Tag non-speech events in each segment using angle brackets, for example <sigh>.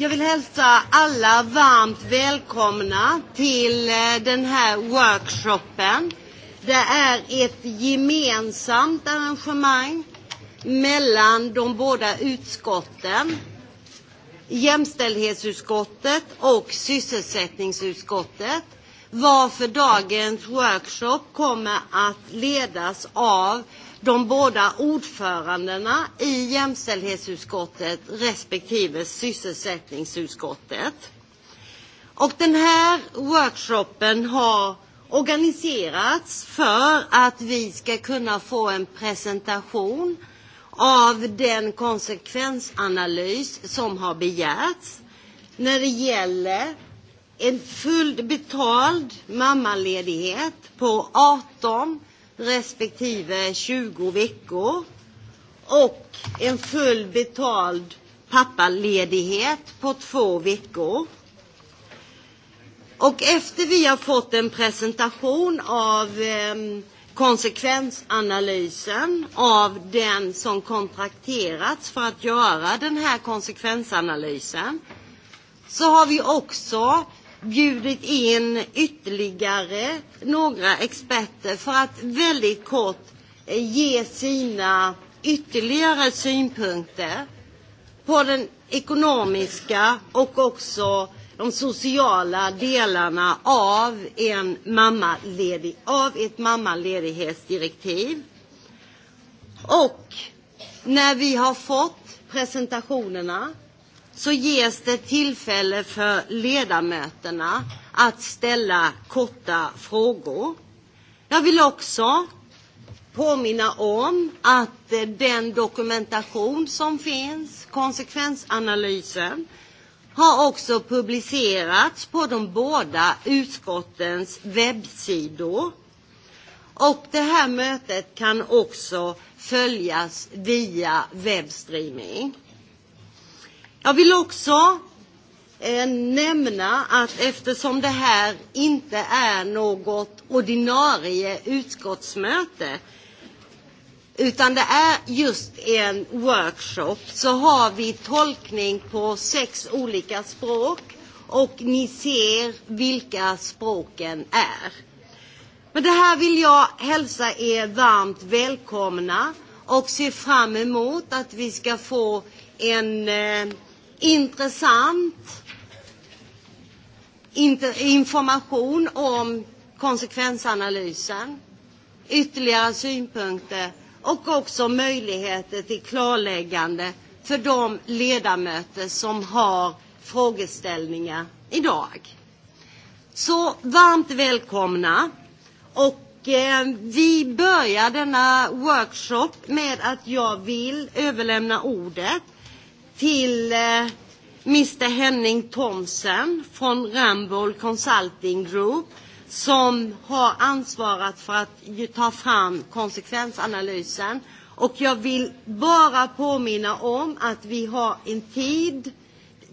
Jag vill hälsa alla varmt välkomna till eh, den här workshopen. Det är ett gemensamt arrangemang mellan de båda utskotten, jämställdhetsutskottet och sysselsättningsutskottet, varför dagens workshop kommer att ledas av de båda ordförandena i jämställdhetsutskottet respektive sysselsättningsutskottet. Och den här workshopen har organiserats för att vi ska kunna få en presentation av den konsekvensanalys som har begärts när det gäller en fullt betald mammaledighet på 18 respektive 20 veckor och en full betald pappaledighet på två veckor. Och efter vi har fått en presentation av eh, konsekvensanalysen av den som kontrakterats för att göra den här konsekvensanalysen så har vi också bjudit in ytterligare några experter för att väldigt kort eh, ge sina ytterligare synpunkter på den ekonomiska och också de sociala delarna av, en mammaledig, av ett mammaledighetsdirektiv. Och när vi har fått presentationerna så ges det tillfälle för ledamöterna att ställa korta frågor. Jag vill också påminna om att eh, den dokumentation som finns, konsekvensanalysen, har också publicerats på de båda utskottens webbsidor. Och det här mötet kan också följas via webbstreaming. Jag vill också eh, nämna att eftersom det här inte är något ordinarie utskottsmöte utan det är just en workshop så har vi tolkning på sex olika språk och ni ser vilka språken är. Men det här vill jag hälsa er varmt välkomna och se fram emot att vi ska få en eh, intressant information om konsekvensanalysen, ytterligare synpunkter och också möjligheter till klarläggande för de ledamöter som har frågeställningar idag. Så varmt välkomna! Och eh, vi börjar denna workshop med att jag vill överlämna ordet till eh, Mr Henning Thomsen från Ramboll Consulting Group som har ansvarat för att ta fram konsekvensanalysen. Och jag vill bara påminna om att vi har en tid,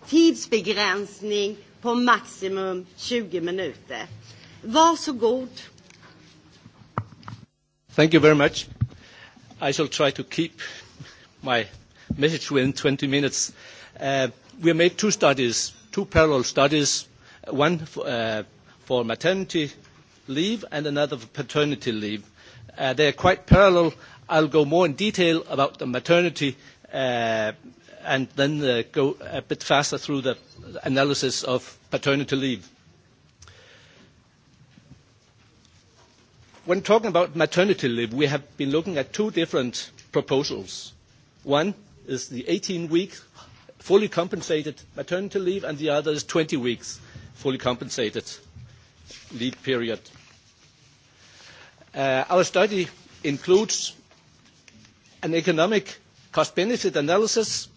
tidsbegränsning på maximum 20 minuter. Varsågod. Thank you very much. I shall try to keep my message within 20 minutes. Uh, we made two studies, two parallel studies, one for, uh, for maternity leave and another for paternity leave. Uh, they are quite parallel. I'll go more in detail about the maternity uh, and then uh, go a bit faster through the analysis of paternity leave. When talking about maternity leave, we have been looking at two different proposals. One is the 18 week fully compensated maternity leave, and the other is 20 weeks fully compensated leave period. Uh, our study includes an economic cost-benefit analysis.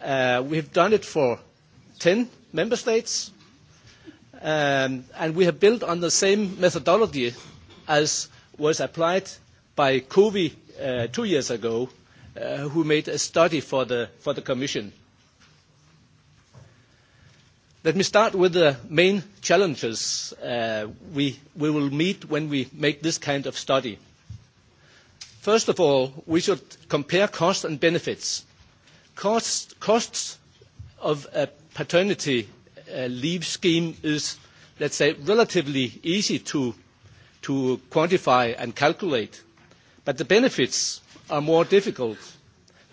Uh, have done it for 10 member states, um, and we have built on the same methodology as was applied by COVI uh, two years ago Uh, who made a study for the, for the Commission. Let me start with the main challenges uh, we, we will meet when we make this kind of study. First of all, we should compare costs and benefits. Costs, costs of a paternity uh, leave scheme is, let's say, relatively easy to, to quantify and calculate. But the benefits are more difficult.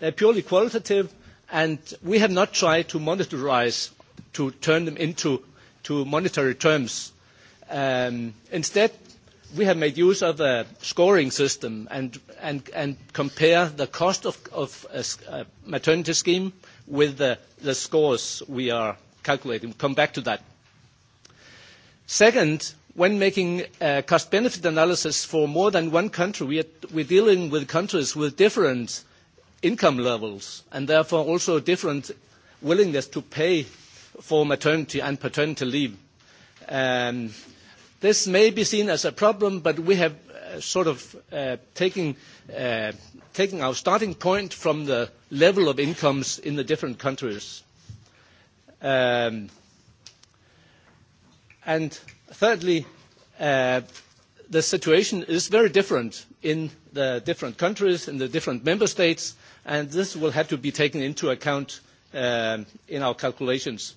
They're purely qualitative, and we have not tried to monetarize, to turn them into to monetary terms. Um, instead, we have made use of a scoring system and, and, and compare the cost of, of a, a maternity scheme with the, the scores we are calculating. We'll come back to that. Second, when making a uh, cost-benefit analysis for more than one country, we are, we're dealing with countries with different income levels and therefore also different willingness to pay for maternity and paternity leave. Um, this may be seen as a problem, but we have uh, sort of uh, taken, uh, our starting point from the level of incomes in the different countries. Um, and thirdly, uh, the situation is very different in the different countries, in the different member states, and this will have to be taken into account uh, in our calculations.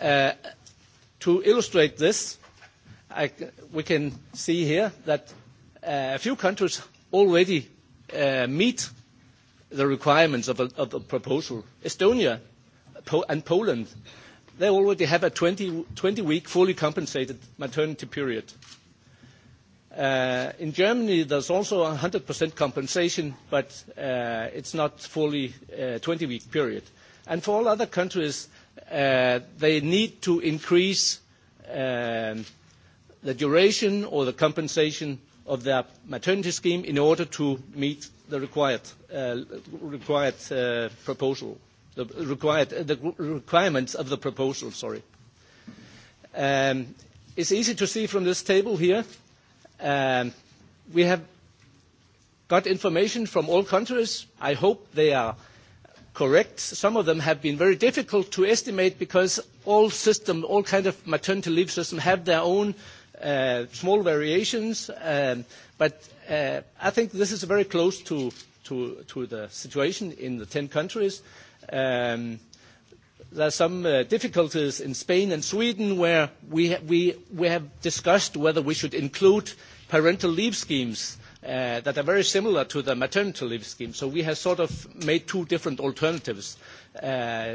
Uh, to illustrate this, I, we can see here that uh, a few countries already uh, meet the requirements of, a, of the proposal. Estonia and Poland they already have a 20-week fully compensated maternity period. Uh, in Germany, there's also 100% compensation, but uh, it's not fully a uh, 20-week period. And for all other countries, uh, they need to increase um, the duration or the compensation of their maternity scheme in order to meet the required, uh, required uh, proposal the, required, uh, the requirements of the proposal, sorry. Um, it's easy to see from this table here. Um, we have got information from all countries. I hope they are correct. Some of them have been very difficult to estimate because all system, all kind of maternity leave system have their own uh, small variations. Um, but uh, I think this is very close to, to, to the situation in the 10 countries. Um, there are some uh, difficulties in Spain and Sweden where we, ha we, we, have discussed whether we should include parental leave schemes uh, that are very similar to the maternity leave scheme. So we have sort of made two different alternatives. Uh,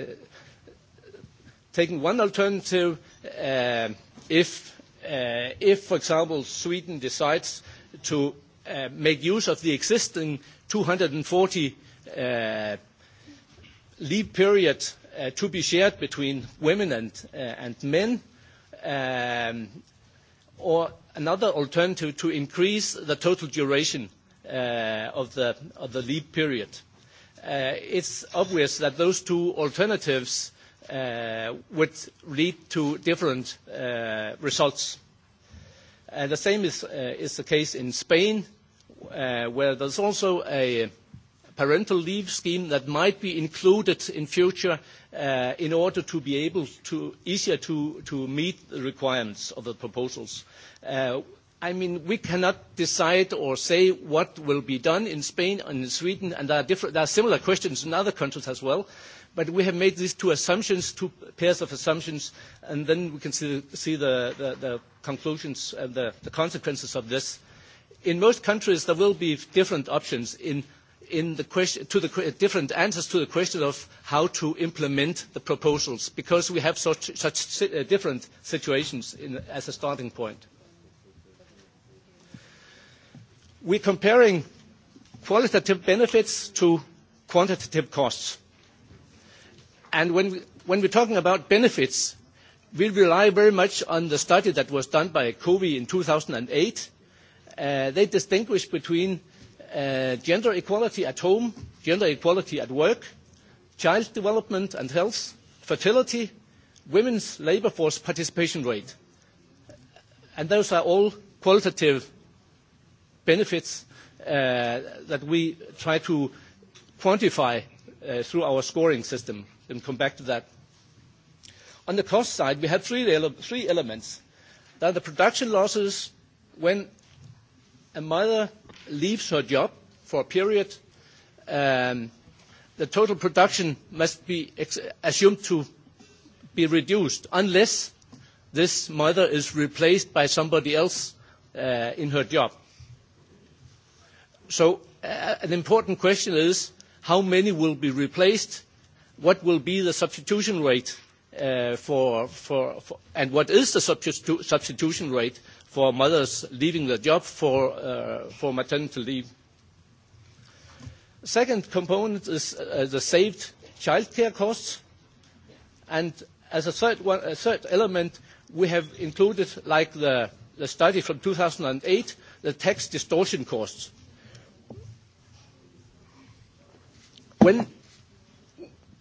taking one alternative, uh, if, uh, if, for example, Sweden decides to uh, make use of the existing 240 uh, leave period uh, to be shared between women and, uh, and men, um, or another alternative to increase the total duration uh, of, the, of the leave period. Uh, it's obvious that those two alternatives uh, would lead to different results. the same is, is, the case in Spain, where there's also a parental leave scheme that might be included in future uh, in order to be able to easier to, to meet the requirements of the proposals. Uh, I mean, we cannot decide or say what will be done in Spain and in Sweden, and there are, different, there are similar questions in other countries as well. But we have made these two assumptions, two pairs of assumptions, and then we can see, see the, the, the, conclusions and the, the consequences of this. In most countries, there will be different options. In in the question, to the different answers to the question of how to implement the proposals, because we have such, such uh, different situations in, as a starting point. We're comparing qualitative benefits to quantitative costs. And when, we, when we're talking about benefits, we rely very much on the study that was done by COVI in 2008. Uh, they distinguish between uh, gender equality at home, gender equality at work, child development and health, fertility, women's labour force participation rate. And those are all qualitative benefits uh, that we try to quantify uh, through our scoring system. And come back to that. On the cost side, we have three, ele three elements. There are the production losses when a mother leaves her job for a period, um, the total production must be assumed to be reduced unless this mother is replaced by somebody else uh, in her job. So uh, an important question is how many will be replaced, what will be the substitution rate uh, for, for, for, and what is the substitu substitution rate for mothers leaving the job for, uh, for maternity leave. Second component is uh, the saved childcare costs. And as a third, one, a third element, we have included, like the, the study from 2008, the tax distortion costs. When,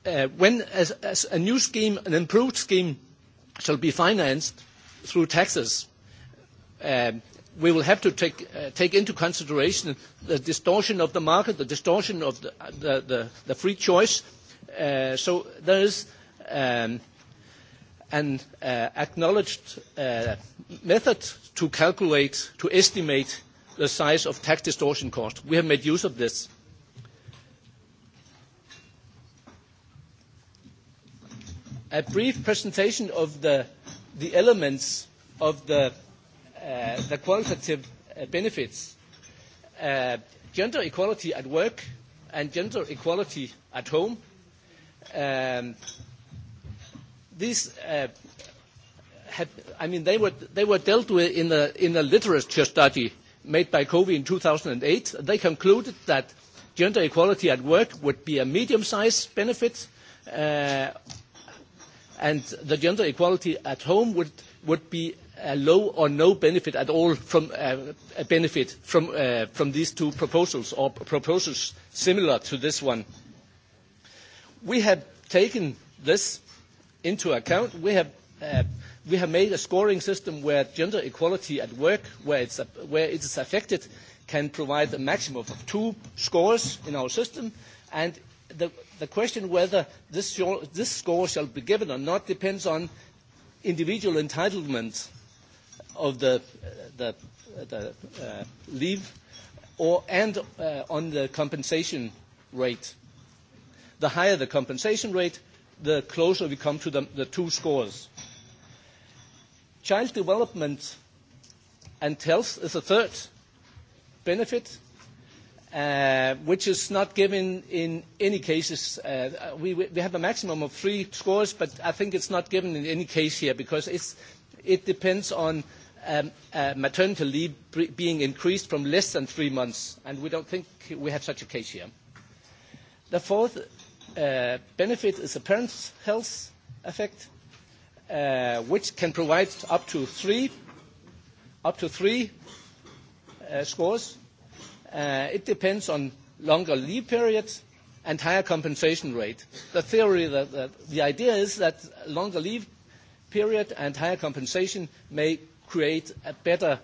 uh, when as, as a new scheme, an improved scheme, shall be financed through taxes, Um, we will have to take, uh, take into consideration the distortion of the market, the distortion of the, the, the, the free choice. Uh, so there is um, an uh, acknowledged uh, method to calculate, to estimate the size of tax distortion cost. We have made use of this. A brief presentation of the, the elements of the Uh, the qualitative uh, benefits. Uh, gender equality at work and gender equality at home. Um, these, uh, had, I mean, they were, they were dealt with in a, in a literature study made by Covey in 2008. They concluded that gender equality at work would be a medium-sized benefit, uh, and the gender equality at home would, would be low or no benefit at all from uh, a benefit from, uh, from these two proposals or proposals similar to this one. We have taken this into account. We have, uh, we have made a scoring system where gender equality at work, where, it's, where it is affected, can provide a maximum of two scores in our system. And the, the question whether this, this score shall be given or not depends on individual entitlement of the, the, the uh, leave or, and uh, on the compensation rate. The higher the compensation rate, the closer we come to the, the two scores. Child development and health is a third benefit, uh, which is not given in any cases. Uh, we, we have a maximum of three scores, but I think it's not given in any case here because it's, it depends on um, uh, maternity leave being increased from less than three months, and we don't think we have such a case here. The fourth uh, benefit is a parent's health effect, uh, which can provide up to three, up to three uh, scores. Uh, it depends on longer leave periods and higher compensation rate. The theory, the idea is that longer leave period and higher compensation may create a better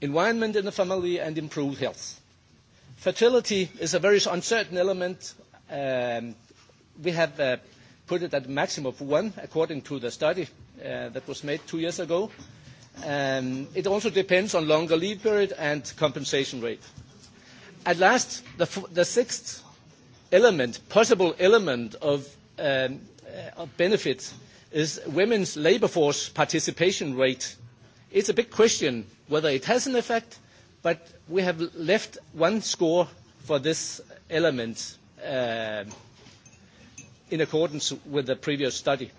environment in the family and improve health. Fertility is a very uncertain element. Um, we have uh, put it at a maximum of one, according to the study uh, that was made two years ago. Um, it also depends on longer leave period and compensation rate. At last, the, the sixth element, possible element of, um, uh, of benefit is women's labour force participation rate It's a big question whether it has an effect, but we have left one score for this element uh, in accordance with the previous study.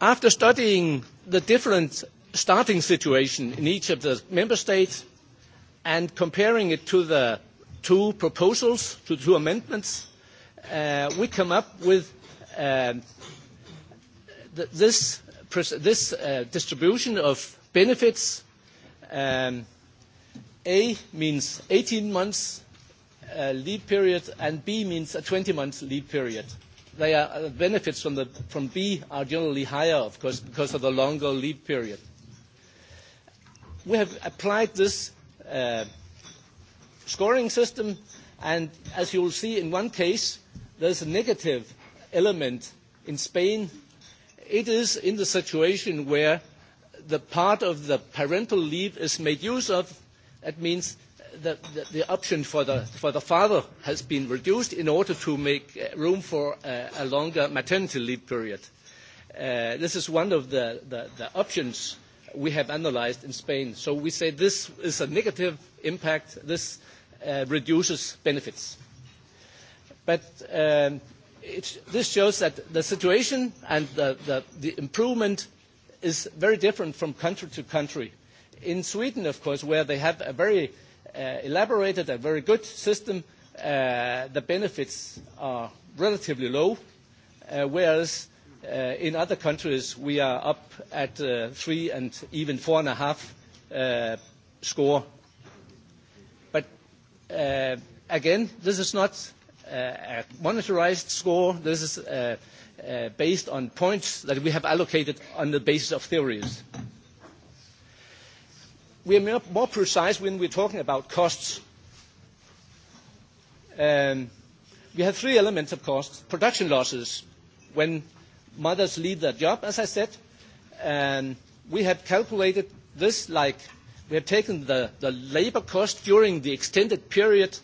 After studying the different starting situation in each of the member states and comparing it to the two proposals, to two amendments, uh, we come up with uh, th this this uh, distribution of benefits, um, A means 18 months uh, lead period and B means a 20 month lead period. The uh, benefits from, the, from B are generally higher, of course, because of the longer lead period. We have applied this uh, scoring system, and as you will see in one case, there's a negative element in Spain it is in the situation where the part of the parental leave is made use of. That means the, the, the option for the, for the father has been reduced in order to make uh, room for a, uh, a longer maternity leave period. Uh, this is one of the, the, the options we have analyzed in Spain. So we say this is a negative impact. This uh, reduces benefits. But um, it, this shows that the situation and the, the, the improvement is very different from country to country. In Sweden, of course, where they have a very uh, elaborated and very good system, uh, the benefits are relatively low, uh, whereas Uh, in other countries, we are up at uh, three and even four and a half uh, score. But uh, again, this is not Uh, a monetarised score. This is uh, uh, based on points that we have allocated on the basis of theories. We are more precise when we're talking about costs. Um, we have three elements of costs. Production losses, when mothers leave their job, as I said. And um, we have calculated this like we have taken the, the labor cost during the extended period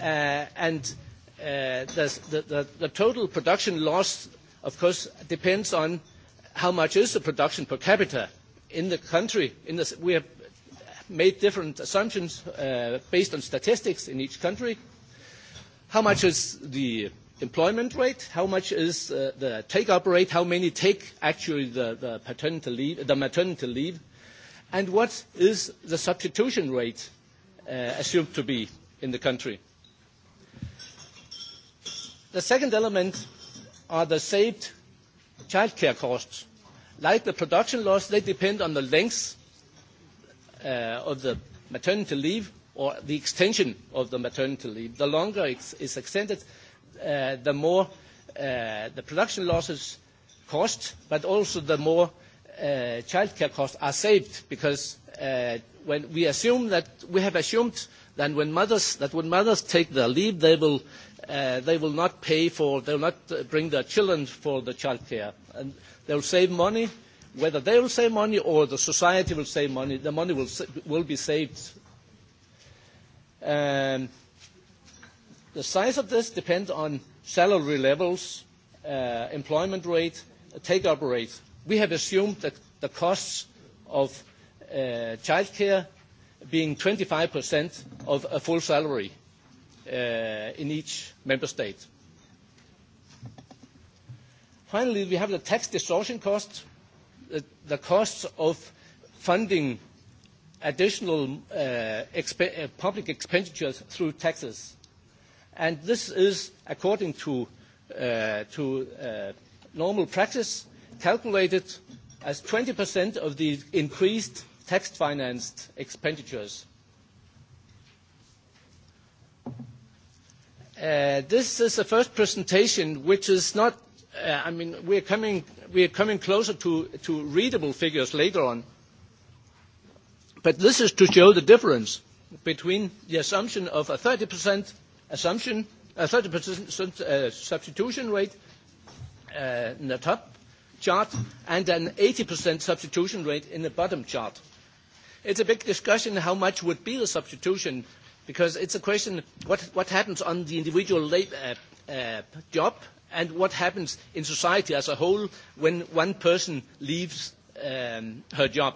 uh, and Uh, the, total production loss, of course, depends on how much is the production per capita in the country. In the, we have made different assumptions uh, based on statistics in each country. How much is the employment rate? How much is uh, the take-up rate? How many take actually the, the, paternity leave, the maternity leave? And what is the substitution rate uh, assumed to be in the country? The second element are the saved childcare costs. Like the production loss, they depend on the length uh, of the maternity leave or the extension of the maternity leave. The longer it's, is extended, uh, the more uh, the production losses cost, but also the more childcare costs are saved because when we assume that we have assumed that when mothers take their leave, they will Uh, they will not pay for, they will not uh, bring their children for the childcare. And they will save money. Whether they will save money or the society will save money, the money will, will be saved. Um, the size of this depends on salary levels, uh, employment rate, uh, take-up rate. We have assumed that the costs of uh, childcare being 25% of a full salary. Uh, in each member state. Finally, we have the tax distortion cost, the, the costs of funding additional uh, exp uh, public expenditures through taxes. and This is according to, uh, to uh, normal practice, calculated as 20% of the increased tax-financed expenditures. Uh, this is the first presentation, which is not, uh, I mean, we're coming, are coming closer to, to readable figures later on. But this is to show the difference between the assumption of a 30% assumption, a 30% uh, substitution rate in the top chart and an 80% substitution rate in the bottom chart. It's a big discussion how much would be the substitution because it's a question what, what happens on the individual uh, uh, job and what happens in society as a whole when one person leaves um, her job.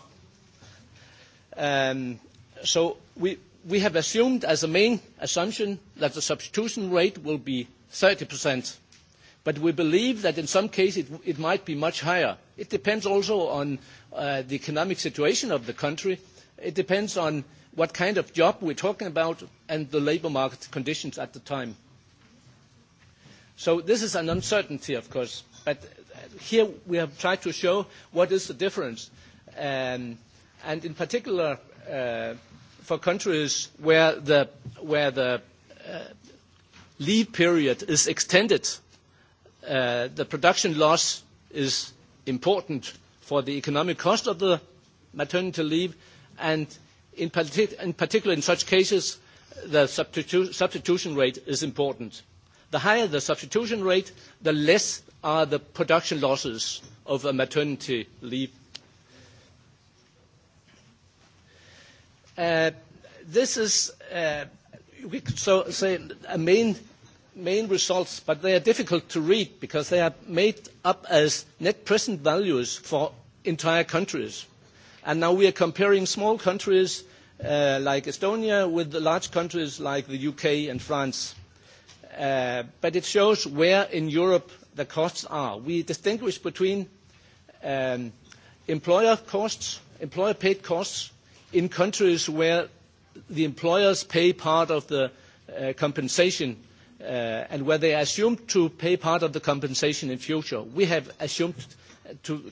Um, so we, we have assumed as a main assumption that the substitution rate will be 30%, but we believe that in some cases it, it might be much higher. It depends also on uh, the economic situation of the country. It depends on what kind of job we're talking about and the labor market conditions at the time. So this is an uncertainty, of course, but uh, here we have tried to show what is the difference. Um, and in particular, uh, for countries where the, where the uh, leave period is extended, uh, the production loss is important for the economic cost of the maternity leave, and In, in particular, in such cases, the substitu substitution rate is important. The higher the substitution rate, the less are the production losses of a maternity leave. Uh, this is, uh, we could so say, a main, main results, but they are difficult to read because they are made up as net present values for entire countries. And now we are comparing small countries uh, like Estonia with large countries like the UK and France. Uh, but it shows where in Europe the costs are. We distinguish between um, employer costs, employer paid costs in countries where the employers pay part of the uh, compensation uh, and where they assume to pay part of the compensation in future. We have assumed to,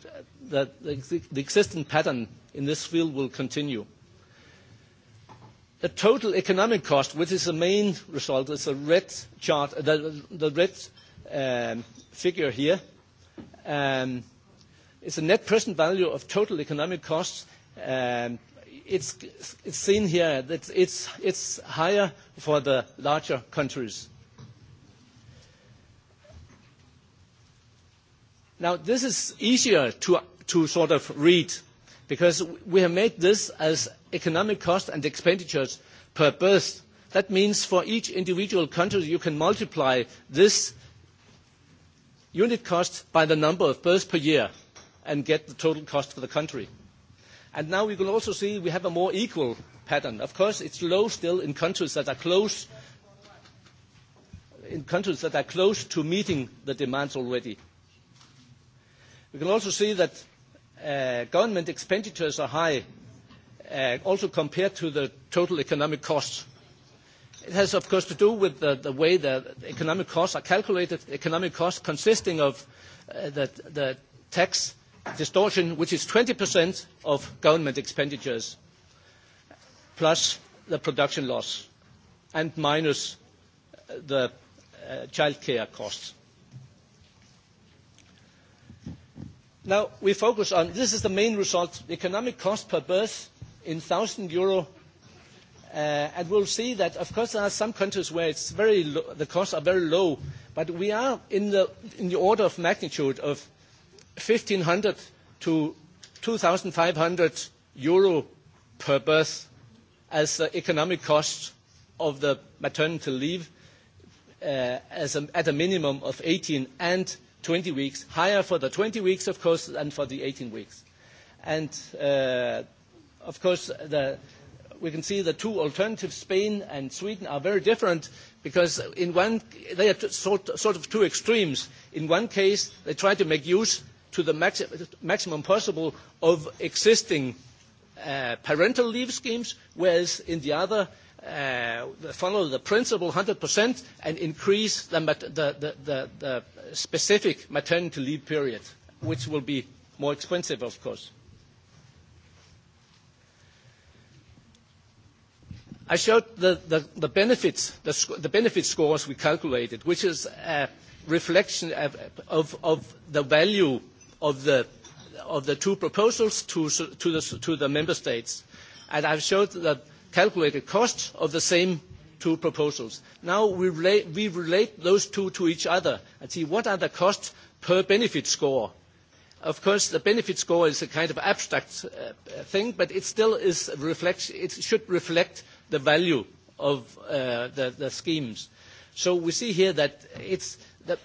that the, the existing pattern in this field will continue. The total economic cost, which is the main result, is the red chart, the, the red um, figure here. Um, it's the net present value of total economic costs. Um, it's, it's seen here that it's, it's higher for the larger countries. Now, this is easier to, to sort of read because we have made this as economic cost and expenditures per birth. That means for each individual country, you can multiply this unit cost by the number of births per year and get the total cost for the country. And now we can also see we have a more equal pattern. Of course, it's low still in countries that are close in countries that are close to meeting the demands already. We can also see that uh, government expenditures are high, uh, also compared to the total economic costs. It has, of course, to do with the, the way the economic costs are calculated, economic costs consisting of uh, the, the tax distortion, which is 20% of government expenditures, plus the production loss, and minus uh, the uh, childcare costs. Now, we focus on, this is the main result, economic cost per birth in 1,000 euro. Uh, and we'll see that, of course, there are some countries where it's very the costs are very low, but we are in the, in the order of magnitude of 1,500 to 2,500 euro per birth as the economic cost of the maternity leave uh, as a, at a minimum of 18 and 20 weeks, higher for the 20 weeks, of course, than for the 18 weeks. And uh, of course, the, we can see the two alternatives, Spain and Sweden, are very different because in one, they are sort, sort of two extremes. In one case, they try to make use to the maxi maximum possible of existing uh, parental leave schemes, whereas in the other, Uh, follow the principle 100% and increase the, the, the, the, specific maternity leave period, which will be more expensive, of course. I showed the, benefits, the, benefit scores we calculated, which is a reflection of, of, of the value of the, of the two proposals to, to, to the member states. And I've showed that calculated costs of the same two proposals. Now we relate, we relate those two to each other and see what are the costs per benefit score. Of course, the benefit score is a kind of abstract uh, uh thing, but it still is reflects, it should reflect the value of uh, the, the schemes. So we see here that it's the,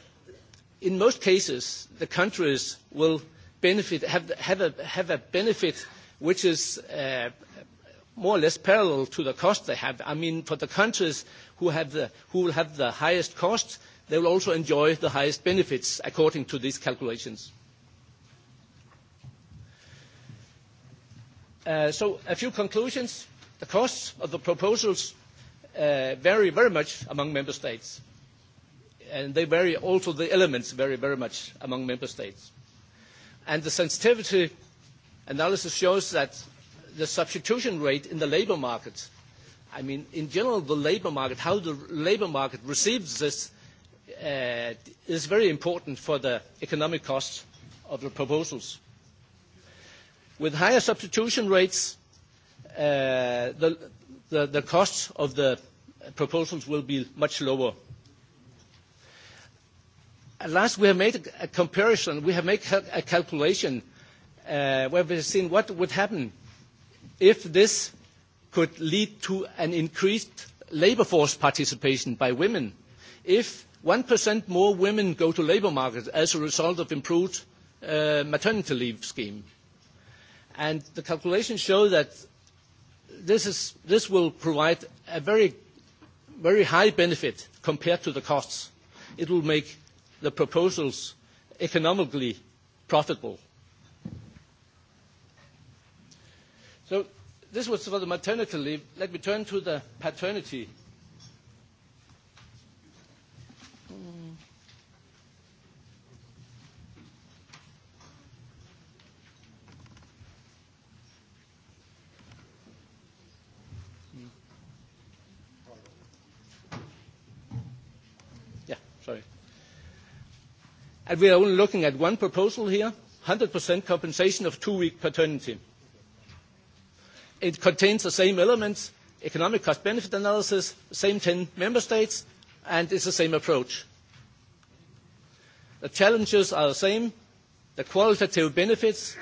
in most cases, the countries will benefit, have, have, a, have a benefit which is uh, more or less parallel to the cost they have. I mean, for the countries who, have the, who will have the highest costs, they will also enjoy the highest benefits according to these calculations. Uh, so a few conclusions. The costs of the proposals uh, vary very much among member states. And they vary also the elements vary very much among member states. And the sensitivity analysis shows that the substitution rate in the labour market. I mean, in general, the labour market, how the labour market receives this uh, is very important for the economic costs of the proposals. With higher substitution rates, uh, the, the, the costs of the proposals will be much lower. At last, we have made a, a comparison. We have made a calculation uh, where we've seen what would happen if this could lead to an increased labour force participation by women, if 1% more women go to labour market as a result of improved uh, maternity leave scheme. And the calculations show that this, is, this will provide a very, very high benefit compared to the costs. It will make the proposals economically profitable. So this was for the maternity leave. Let me turn to the paternity. Yeah, sorry. And we are only looking at one proposal here, 100% compensation of two-week paternity. It contains the same elements, economic cost-benefit analysis, same 10 member states, and it's the same approach. The challenges are the same, the qualitative benefits,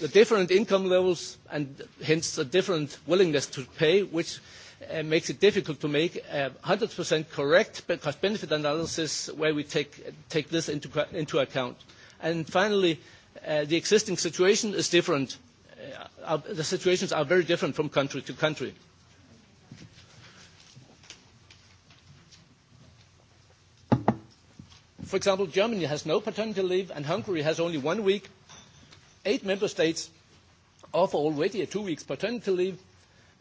the different income levels, and hence the different willingness to pay, which uh, makes it difficult to make a 100% correct cost-benefit analysis where we take, take this into, into account. And finally, uh, the existing situation is different Uh, are, the situations are very different from country to country. For example, Germany has no paternity leave and Hungary has only one week. Eight member states offer already a two weeks paternity leave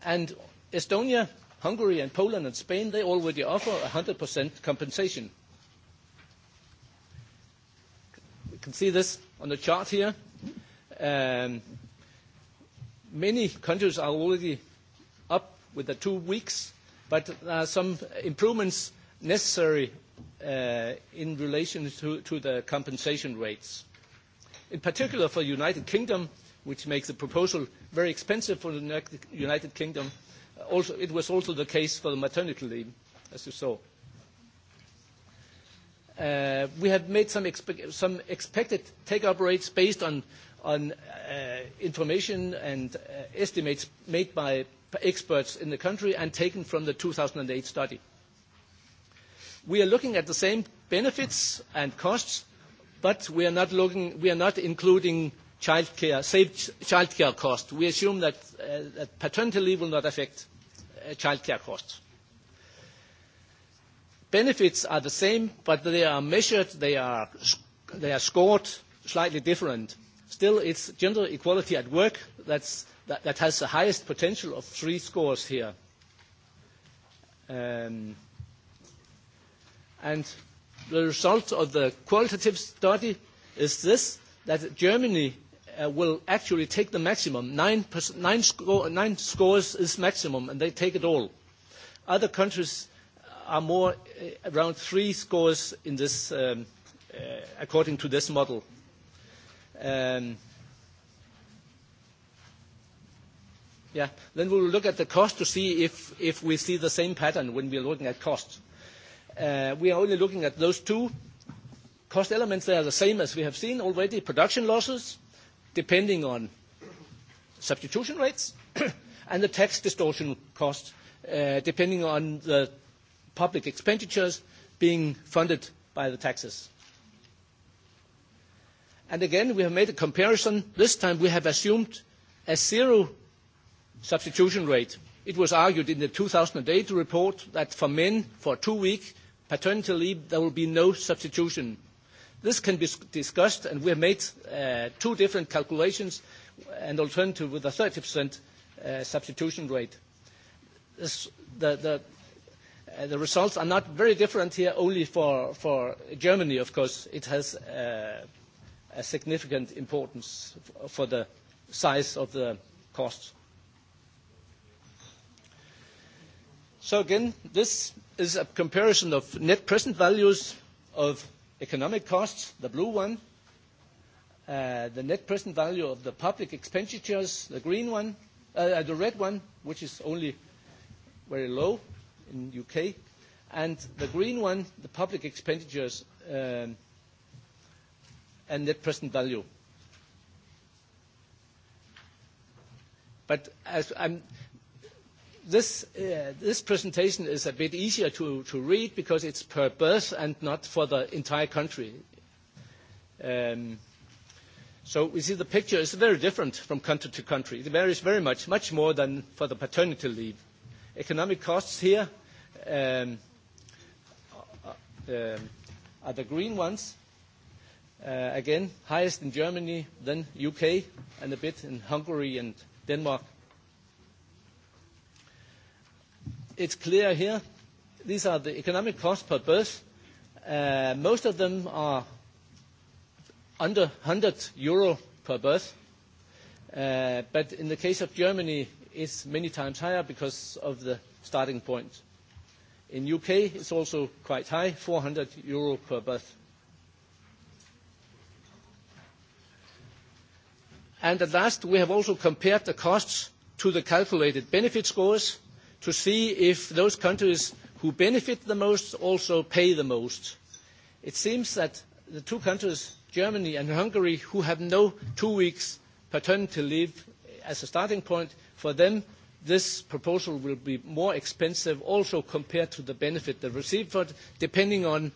and Estonia, Hungary and Poland and Spain, they already offer 100% compensation. You can see this on the chart here. Um, many countries are already up with the two weeks, but there uh, are some improvements necessary uh, in relation to, to the compensation rates. In particular for the United Kingdom, which makes the proposal very expensive for the United Kingdom. Uh, also, it was also the case for the maternity leave, as you saw. Uh, we have made some, expe some expected take-up rates based on on uh, information and uh, estimates made by experts in the country and taken from the 2008 study. We are looking at the same benefits and costs, but we are not, looking, we are not including childcare, saved childcare costs. We assume uh, that, paternity leave will not affect childcare costs. Benefits are the same, but they are measured, they are, they are scored slightly different. Still, it's gender equality at work that, that, has the highest potential of three scores here. Um, and the result of the qualitative study is this, that Germany uh, will actually take the maximum. Nine, nine, sco nine, scores is maximum, and they take it all. Other countries are more uh, around three scores in this, um, uh, according to this model. Um, yeah. Then we'll look at the cost to see if, we see the same pattern when we are looking at costs. Uh, we are only looking at those two cost elements. They are the same as we have seen already, production losses, depending on substitution rates, <coughs> and the tax distortion cost, uh, depending on the public expenditures being funded by the taxes. And again, we have made a comparison. This time we have assumed a zero substitution rate. It was argued in the 2008 report that for men, for two week paternity leave, there will be no substitution. This can be discussed, and we have made uh, two different calculations, uh, an alternative with a 30% uh, substitution rate. the, results are not very different here, only for, Germany, of course. It has a significant importance for the size of the costs. So again, this is a comparison of net present values of economic costs, the blue one, uh, the net present value of the public expenditures, the green one, uh, uh the red one, which is only very low in U.K., and the green one, the public expenditures, um, and net present value. But as I'm, this, uh, this presentation is a bit easier to, to read because it's per birth and not for the entire country. Um, so we see the picture is very different from country to country. It varies very much, much more than for the paternity leave. Economic costs here um, uh, uh, um, are the green ones, Uh, again, highest in Germany, then UK, and a bit in Hungary and Denmark. It's clear here, these are the economic costs per birth. Uh, most of them are under 100 euro per birth. Uh, but in the case of Germany, it's many times higher because of the starting point. In UK, it's also quite high, 400 euro per birth. And at last, we have also compared the costs to the calculated benefit scores to see if those countries who benefit the most also pay the most. It seems that the two countries, Germany and Hungary, who have no two weeks paternity leave as a starting point, for them this proposal will be more expensive also compared to the benefit they receive, but depending on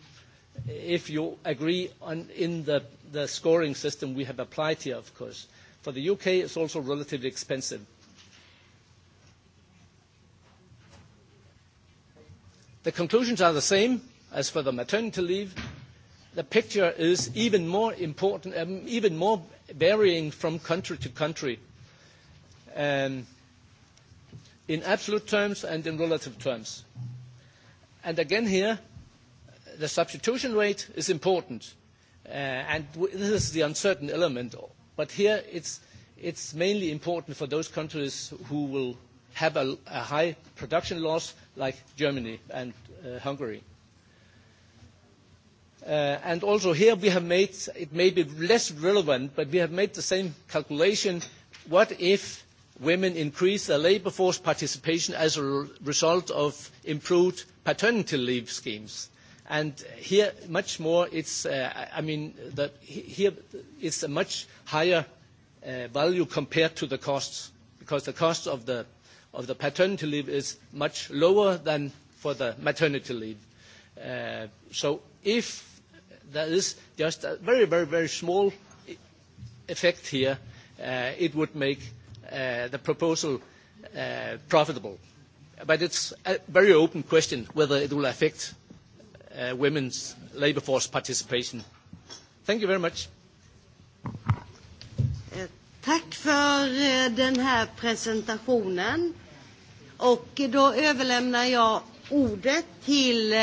if you agree on, in the scoring system we have applied here, of course. For the UK, it's also relatively expensive. The conclusions are the same as for the maternity leave. The picture is even more important, um, even more varying from country to country. Um, in absolute terms and in relative terms. And again here, the substitution rate is important. Uh, and this is the uncertain element But here it's, it's mainly important for those countries who will have a, a high production loss, like Germany and uh, Hungary. Uh, and also here we have made, it may be less relevant, but we have made the same calculation. What if women increase their labour force participation as a result of improved paternity leave schemes? And here, much more, it's, uh, I mean, the, here it's a much higher uh, value compared to the costs, because the cost of the, of the paternity leave is much lower than for the maternity leave. Uh, so if there is just a very, very, very small effect here, uh, it would make uh, the proposal uh, profitable. But it's a very open question whether it will affect uh, women's labour force participation. Thank you very much. Eh, tack för eh, den här presentationen. Och då överlämnar jag ordet till eh,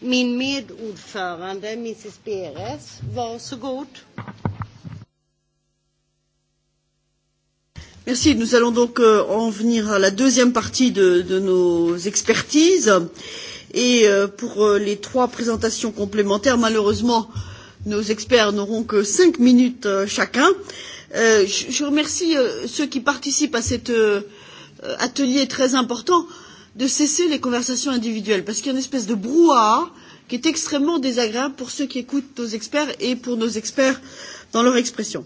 min medordförande, Mrs Beres. Varsågod. Merci. Nous allons donc euh, en venir à la deuxième partie de, de nos expertises et euh, pour euh, les trois présentations complémentaires malheureusement nos experts n'auront que cinq minutes euh, chacun. je remercie ceux qui participent à cet atelier très important de cesser les conversations individuelles parce qu'il y a une espèce de brouhaha qui est extrêmement désagréable pour ceux qui écoutent nos experts et pour nos experts dans leur expression.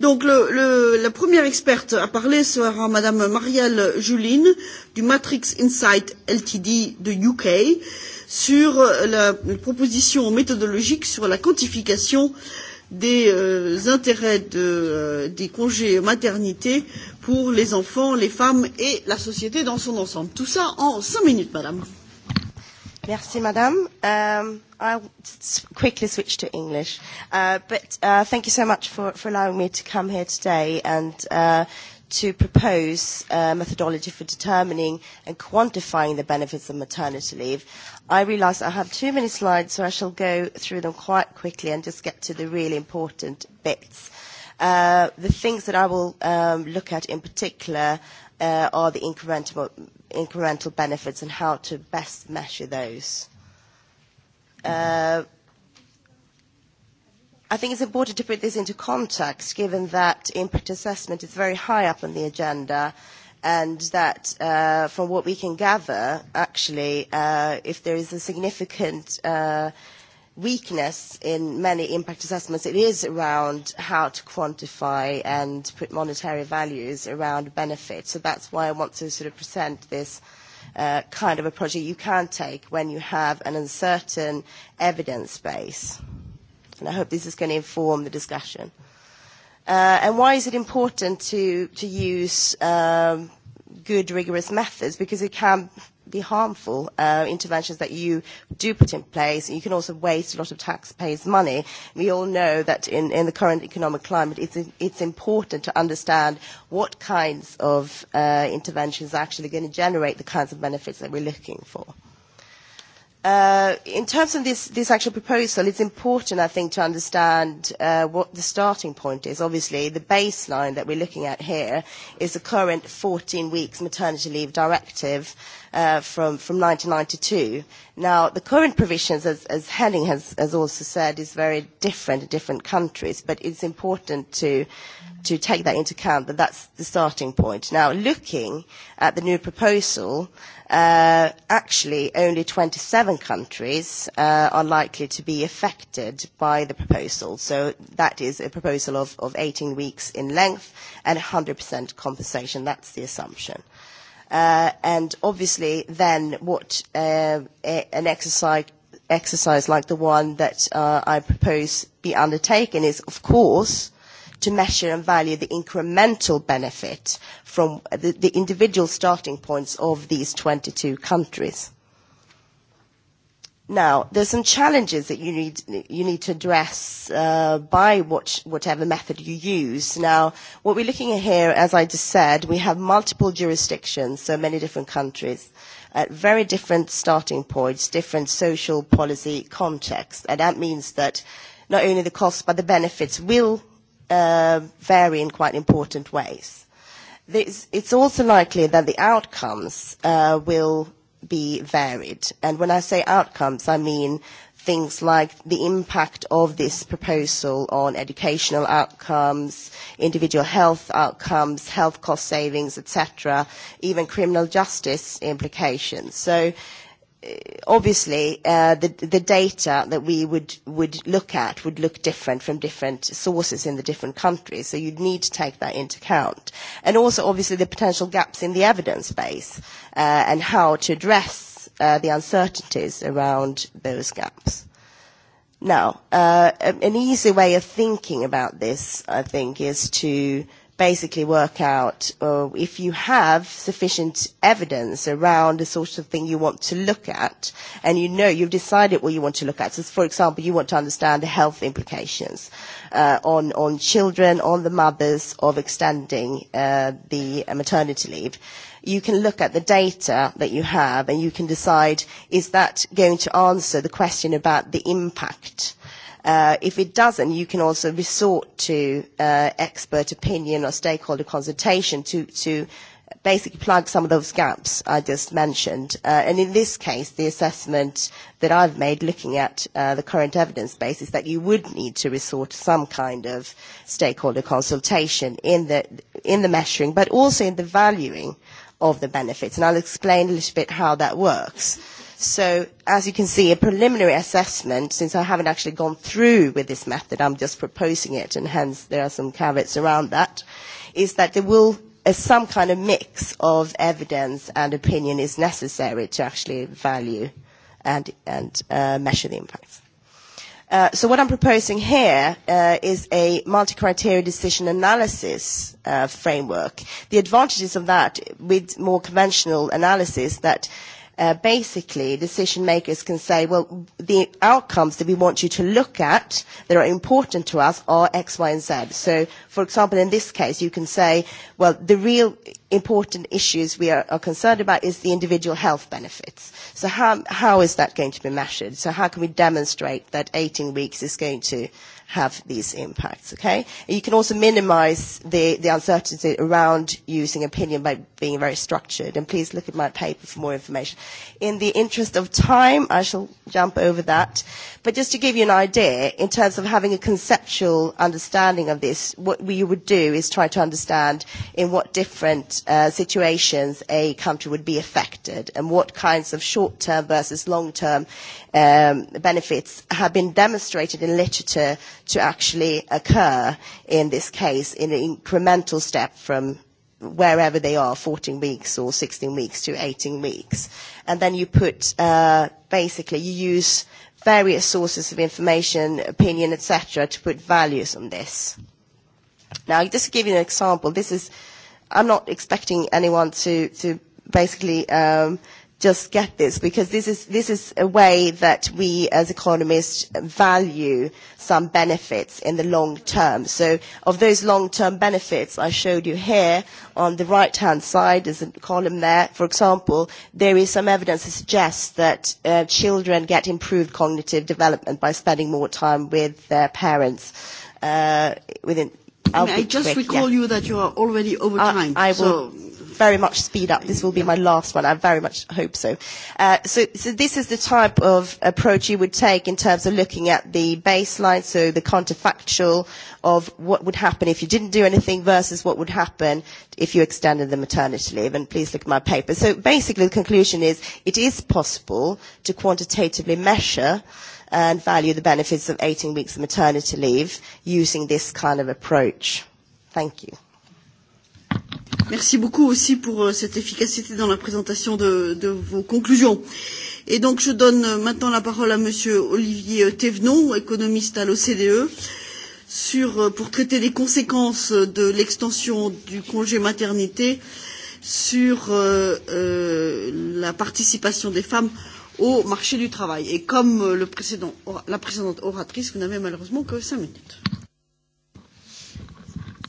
Donc le, le, la première experte à parler sera Madame Marielle Juline du Matrix Insight Ltd de UK sur la proposition méthodologique sur la quantification des euh, intérêts de, euh, des congés maternité pour les enfants, les femmes et la société dans son ensemble. Tout ça en cinq minutes, Madame. Merci, madame. Um, I'll quickly switch to English. Uh, but uh, thank you so much for, for allowing me to come here today and uh, to propose a methodology for determining and quantifying the benefits of maternity leave. I realise I have too many slides, so I shall go through them quite quickly and just get to the really important bits. Uh, the things that I will um, look at in particular uh, are the incremental incremental benefits and how to best measure those. Uh, I think it's important to put this into context, given that impact assessment is very high up on the agenda, and that uh, from what we can gather, actually, uh, if there is a significant uh, weakness in many impact assessments, it is around how to quantify and put monetary values around benefits. So that's why I want to sort of present this uh, kind of approach that you can take when you have an uncertain evidence base. And I hope this is going to inform the discussion. Uh, and why is it important to, to use um, good rigorous methods? Because it can be harmful uh, interventions that you do put in place. You can also waste a lot of taxpayers' money. We all know that in, in the current economic climate, it's, it's important to understand what kinds of uh, interventions are actually going to generate the kinds of benefits that we're looking for. Uh, in terms of this, this actual proposal, it's important, I think, to understand uh, what the starting point is. Obviously, the baseline that we're looking at here is the current 14 weeks maternity leave directive, Uh, from, from 1992. Now, the current provisions, as, as Henning has, has also said, is very different in different countries, but it's important to, to take that into account, that that's the starting point. Now, looking at the new proposal, uh, actually only 27 countries uh, are likely to be affected by the proposal. So that is a proposal of, of 18 weeks in length and 100% compensation. That's the assumption. Uh, and obviously then what uh, a, an exercise, exercise like the one that uh, I propose be undertaken is, of course, to measure and value the incremental benefit from the, the individual starting points of these 22 countries. Now, there's some challenges that you need, you need to address uh, by what, whatever method you use. Now, what we're looking at here, as I just said, we have multiple jurisdictions, so many different countries, at very different starting points, different social policy contexts. And that means that not only the costs but the benefits will uh, vary in quite important ways. This, it's also likely that the outcomes uh, will be varied. And when I say outcomes, I mean things like the impact of this proposal on educational outcomes, individual health outcomes, health cost savings, etc., even criminal justice implications. So obviously uh, the, the data that we would, would look at would look different from different sources in the different countries, so you'd need to take that into account. And also, obviously, the potential gaps in the evidence base uh, and how to address uh, the uncertainties around those gaps. Now, uh, an easy way of thinking about this, I think, is to uh, basically work out uh, if you have sufficient evidence around the sort of thing you want to look at and you know you've decided what you want to look at. So for example, you want to understand the health implications uh, on, on children, on the mothers of extending uh, the uh, maternity leave. You can look at the data that you have and you can decide is that going to answer the question about the impact Uh, if it doesn't, you can also resort to uh, expert opinion or stakeholder consultation to, to basically plug some of those gaps I just mentioned. Uh, and in this case, the assessment that I've made looking at uh, the current evidence base is that you would need to resort to some kind of stakeholder consultation in the, in the measuring, but also in the valuing of the benefits. And I'll explain a little bit how that works. So as you can see, a preliminary assessment, since I haven't actually gone through with this method, I'm just proposing it, and hence there are some caveats around that, is that there will uh, some kind of mix of evidence and opinion is necessary to actually value and, and uh, measure the impacts. Uh, so what I'm proposing here uh, is a multi-criteria decision analysis uh, framework. The advantages of that with more conventional analysis that uh, Uh, basically decision makers can say, well, the outcomes that we want you to look at that are important to us are X, Y, and Z. So, for example, in this case, you can say, well, the real important issues we are, are concerned about is the individual health benefits. So how, how is that going to be measured? So how can we demonstrate that 18 weeks is going to have these impacts, okay? And you can also minimize the, the uncertainty around using opinion by being very structured. And please look at my paper for more information. In the interest of time, I shall jump over that. But just to give you an idea, in terms of having a conceptual understanding of this, what we would do is try to understand in what different Uh, situations a country would be affected and what kinds of short-term versus long-term um, benefits have been demonstrated in literature to actually occur in this case in an incremental step from wherever they are, 14 weeks or 16 weeks to 18 weeks. And then you put, uh, basically, you use various sources of information, opinion, etc., to put values on this. Now, just to give you an example, this is I'm not expecting anyone to, to basically um, just get this because this is, this is a way that we as economists value some benefits in the long term. So of those long-term benefits I showed you here on the right-hand side, there's a column there, for example, there is some evidence that suggests that uh, children get improved cognitive development by spending more time with their parents uh, within I'll May I just quick, recall yeah. you that you are already over uh, time. I so. will very much speed up. This will be my last one. I very much hope so. Uh, so, so this is the type of approach you would take in terms of looking at the baseline, so the counterfactual of what would happen if you didn't do anything versus what would happen if you extended the maternity leave. And please look at my paper. So basically the conclusion is it is possible to quantitatively measure and value the benefits of 18 weeks of maternity leave using this kind of approach. Thank you. Merci beaucoup aussi pour euh, cette efficacité dans la présentation de, de vos conclusions. Et donc je donne euh, maintenant la parole à Monsieur Olivier euh, Thévenon, économiste à l'OCDE, sur, pour traiter des conséquences de l'extension du congé maternité sur euh, euh, la participation des femmes au marché du travail. Et comme euh, le précédent, la précédente oratrice, vous n'avez malheureusement que cinq minutes.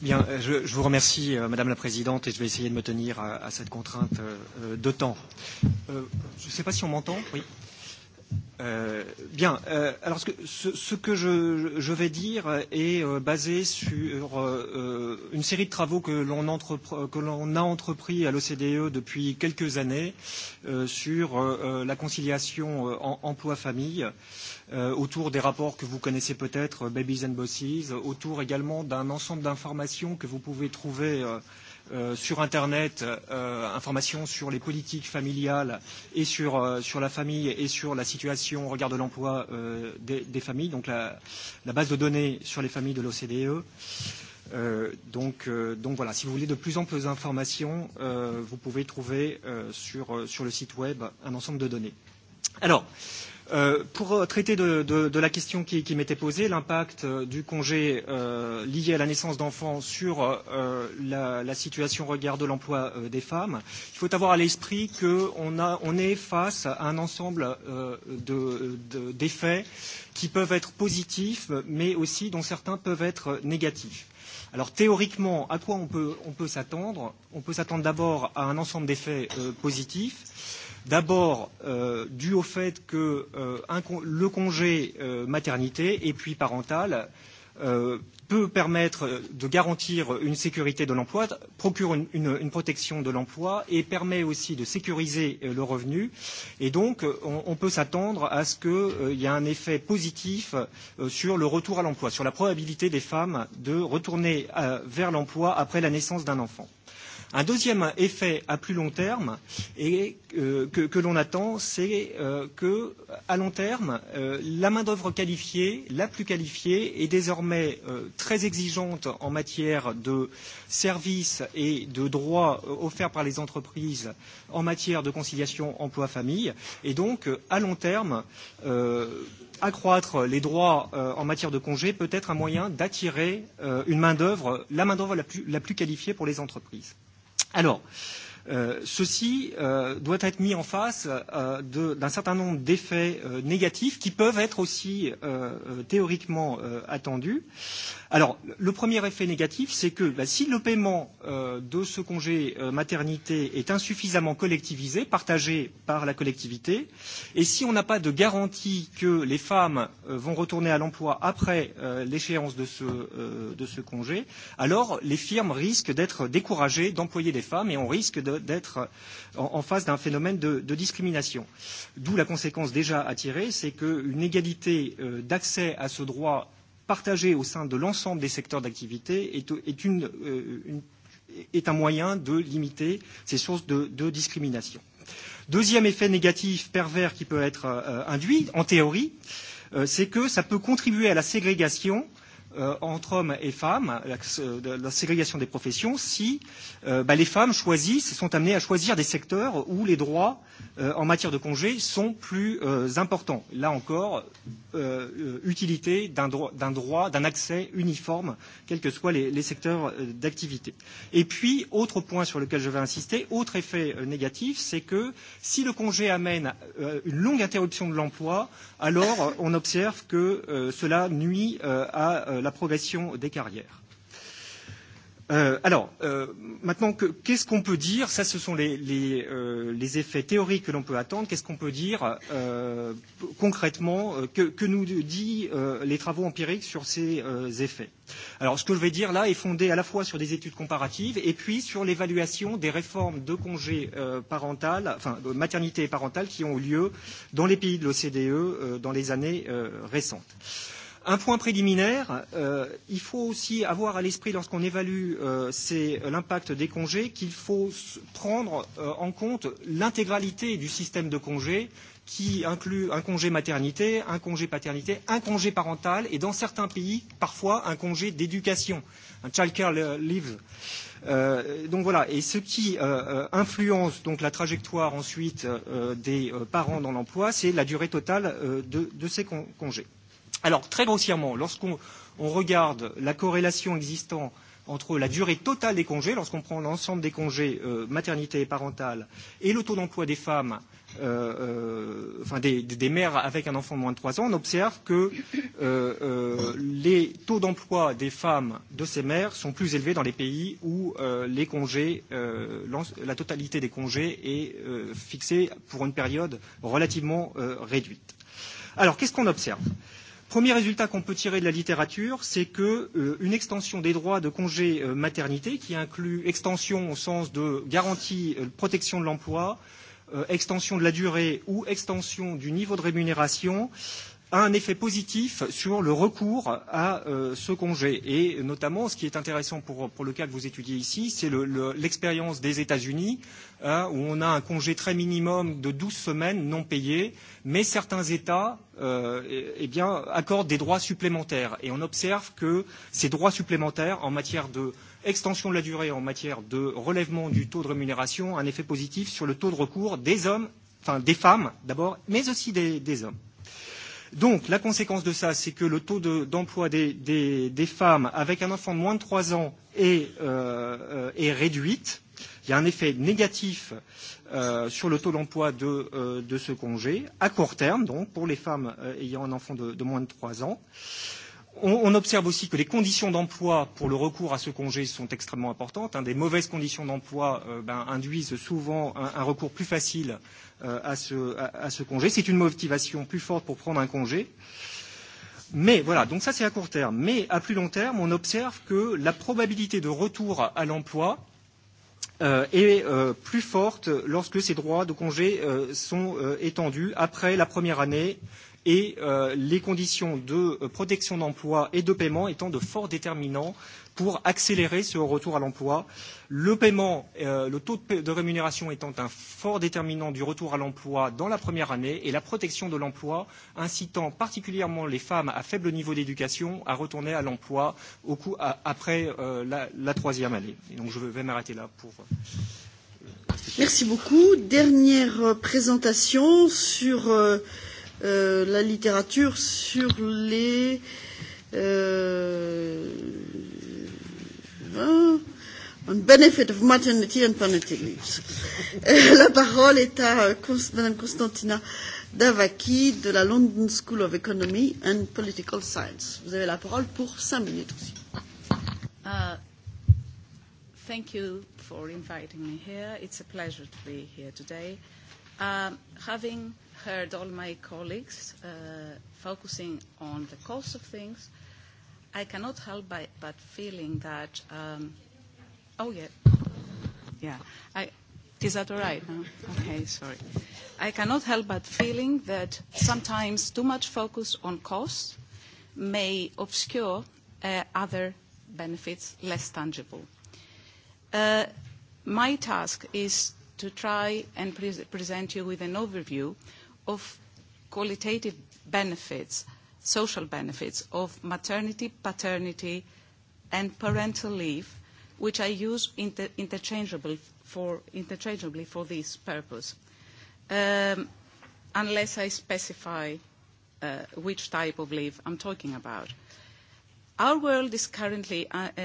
Bien, euh, je, je vous remercie, euh, Madame la Présidente, et je vais essayer de me tenir à, à cette contrainte euh, euh de temps. Euh, je ne sais pas si on m'entend. Oui. Euh, Euh, bien. Euh, alors ce que, ce, ce que je, je vais dire est euh, basé sur euh, une série de travaux que l'on entrepre, a entrepris à l'OCDE depuis quelques années euh, sur euh, euh la conciliation euh, emploi-famille, euh, autour des rapports que vous connaissez peut-être, euh, Babies and Bosses, autour également d'un ensemble d'informations que vous pouvez trouver euh, Euh, sur Internet, euh, informations sur les politiques familiales et sur, euh, sur la famille et sur la situation au regard de l'emploi euh, des, des familles, donc la, la base de données sur les familles de l'OCDE. Euh, donc, euh, donc voilà, si vous voulez de plus amples plus informations, euh, vous pouvez trouver euh, sur, euh, sur le site web un ensemble de données. Alors, euh, Euh, pour euh, traiter de, de, de la question qui, qui m'était posée, l'impact euh, du congé euh, lié à la naissance d'enfants sur euh, la, la situation regard de l'emploi euh, des femmes, il faut avoir à l'esprit qu'on on est face à un ensemble euh, d'effets de, de, qui peuvent être positifs, mais aussi dont certains peuvent être négatifs. Alors théoriquement, à quoi on peut, on peut s'attendre On peut s'attendre d'abord à un ensemble d'effets euh, positifs D'abord, euh, dû au fait que euh, un, le congé euh, maternité et puis parental euh, peut permettre euh, de garantir une sécurité de l'emploi, procure une, une, une protection de l'emploi et permet aussi de sécuriser euh, le revenu. Et donc, euh, on, on peut s'attendre à ce qu'il euh, y ait un effet positif euh, sur le retour à l'emploi, sur la probabilité des femmes de retourner euh, vers l'emploi après la naissance d'un enfant. Un deuxième effet à plus long terme est Euh, que, que l'on attend, c'est euh, que, à long terme, euh, la main-d'œuvre qualifiée, la plus qualifiée, est désormais euh, très exigeante en matière de services et de droits euh, offerts par les entreprises en matière de conciliation emploi-famille. Et donc, euh, à long terme, euh, accroître les droits euh, en matière de congés peut être un moyen d'attirer euh, une main-d'œuvre, la main-d'œuvre la plus, la plus qualifiée pour les entreprises. Alors, euh, Euh, ceci euh, doit être mis en face euh, d'un certain nombre d'effets euh, négatifs qui peuvent être aussi euh, euh, théoriquement euh, attendus. Alors, le premier effet négatif, c'est que bah, si le paiement euh, de ce congé euh, maternité est insuffisamment collectivisé, partagé par la collectivité, et si on n'a pas de garantie que les femmes euh, vont retourner à l'emploi après euh, l'échéance de, euh, de ce congé, alors les firmes risquent d'être découragées d'employer des femmes et on risque de d'être en, en face d'un phénomène de, de discrimination. D'où la conséquence déjà à tirer, c'est qu'une égalité euh, d'accès à ce droit partagé au sein de l'ensemble des secteurs d'activité est, est, une, euh, une, est un moyen de limiter ces sources de, de discrimination. Deuxième effet négatif pervers qui peut être euh, induit, en théorie, euh, c'est que ça peut contribuer à la ségrégation euh, euh, entre hommes et femmes, la, euh, la ségrégation des professions, si euh, bah, les femmes choisissent, sont amenées à choisir des secteurs où les droits euh, en matière de congés sont plus euh, importants. Là encore, euh, euh utilité d'un dro droit, d'un accès uniforme, quels que soient les, les secteurs euh, d'activité. Et puis, autre point sur lequel je vais insister, autre effet euh, négatif, c'est que si le congé amène euh, une longue interruption de l'emploi, alors euh, on observe que euh, cela nuit euh, à euh, la progression des carrières. Euh, alors, euh, maintenant, qu'est-ce qu qu'on peut dire Ça, ce sont les, les, euh, les effets théoriques que l'on peut attendre. Qu'est-ce qu'on peut dire euh, concrètement euh, que, que nous disent euh, les travaux empiriques sur ces euh, effets Alors, ce que je vais dire là est fondé à la fois sur des études comparatives et puis sur l'évaluation des réformes de congés euh, parentales, enfin, de maternité et parentale qui ont eu lieu dans les pays de l'OCDE euh, dans les années euh, récentes. Euh, un point préliminaire, euh, il faut aussi avoir à l'esprit lorsqu'on évalue euh, euh l'impact des congés qu'il faut prendre euh, en compte l'intégralité du système de congés qui inclut un congé maternité, un congé paternité, un congé parental et dans certains pays parfois un congé d'éducation, un child care leave. Euh, donc voilà, et ce qui euh, euh, influence donc la trajectoire ensuite euh, des euh, parents dans l'emploi, c'est la durée totale euh, de, de ces con congés. Alors, très grossièrement, lorsqu'on regarde la corrélation existante entre la durée totale des congés, lorsqu'on prend l'ensemble des congés euh, maternité et parentale, et le taux d'emploi des femmes, euh, euh, enfin des, des mères avec un enfant de moins de 3 ans, on observe que euh, euh, les taux d'emploi des femmes de ces mères sont plus élevés dans les pays où euh, les congés, euh, la totalité des congés est euh, fixée pour une période relativement euh, réduite. Alors, qu'est-ce qu'on observe euh, Premier résultat qu'on peut tirer de la littérature, c'est qu'une euh, extension des droits de congé euh, maternité, qui inclut extension au sens de garantie, euh, protection de l'emploi, euh, extension de la durée ou extension du niveau de rémunération, euh, a un effet positif sur le recours à euh, ce congé. Et notamment, ce qui est intéressant pour, pour le cas que vous étudiez ici, c'est l'expérience le, le, des États-Unis, hein, euh, où on a un congé très minimum de 12 semaines non payé, mais certains États euh, eh, eh bien, accordent des droits supplémentaires. Et on observe que ces droits supplémentaires, en matière de extension de la durée, en matière de relèvement du taux de rémunération, un effet positif sur le taux de recours des hommes, enfin des femmes d'abord, mais aussi des, des hommes. Donc la conséquence de ça, c'est que le taux d'emploi de, des, des, des femmes avec un enfant de moins de 3 ans est, euh, euh, est réduite. Il y a un effet négatif euh, sur le taux d'emploi de, euh, de ce congé, à court terme, donc pour les femmes euh, ayant un enfant de, de moins de 3 ans. Euh, on, observe aussi que les conditions d'emploi pour le recours à ce congé sont extrêmement importantes. des mauvaises conditions d'emploi euh, ben, induisent souvent un, un recours plus facile euh, à, ce, à, à ce congé. C'est une motivation plus forte pour prendre un congé. Mais voilà, donc ça c'est à court terme. Mais à plus long terme, on observe que la probabilité de retour à l'emploi euh, est euh, plus forte lorsque ces droits de congé euh, sont euh, étendus après la première année et euh, les conditions de euh, protection d'emploi et de paiement étant de forts déterminants pour accélérer ce retour à l'emploi. Le paiement, euh, le taux de, de rémunération étant un fort déterminant du retour à l'emploi dans la première année et la protection de l'emploi incitant particulièrement les femmes à faible niveau d'éducation à retourner à l'emploi au coup, à, après euh, la, la troisième année. Et donc je vais m'arrêter là pour. Euh, Merci beaucoup. Dernière présentation sur euh, Euh, la littérature sur les euh, un benefit of maternity and paternity leaves. Euh, la parole est à euh, Const Madame Constantina Davaki de la London School of Economy and Political Science. Vous avez la parole pour cinq minutes aussi. Uh, thank you for inviting me here. It's a pleasure to be here today. Um, having heard all my colleagues uh, focusing on the cost of things, I cannot help by, but feeling that, um, oh yeah, yeah, I, is that all right? No? Okay, sorry. I cannot help but feeling that sometimes too much focus on costs may obscure uh, other benefits less tangible. Uh, my task is to try and pre present you with an overview of qualitative benefits, social benefits of maternity, paternity, and parental leave, which I use inter interchangeably, for, interchangeably for this purpose, um, unless I specify uh, which type of leave I'm talking about. Our world is currently uh, uh,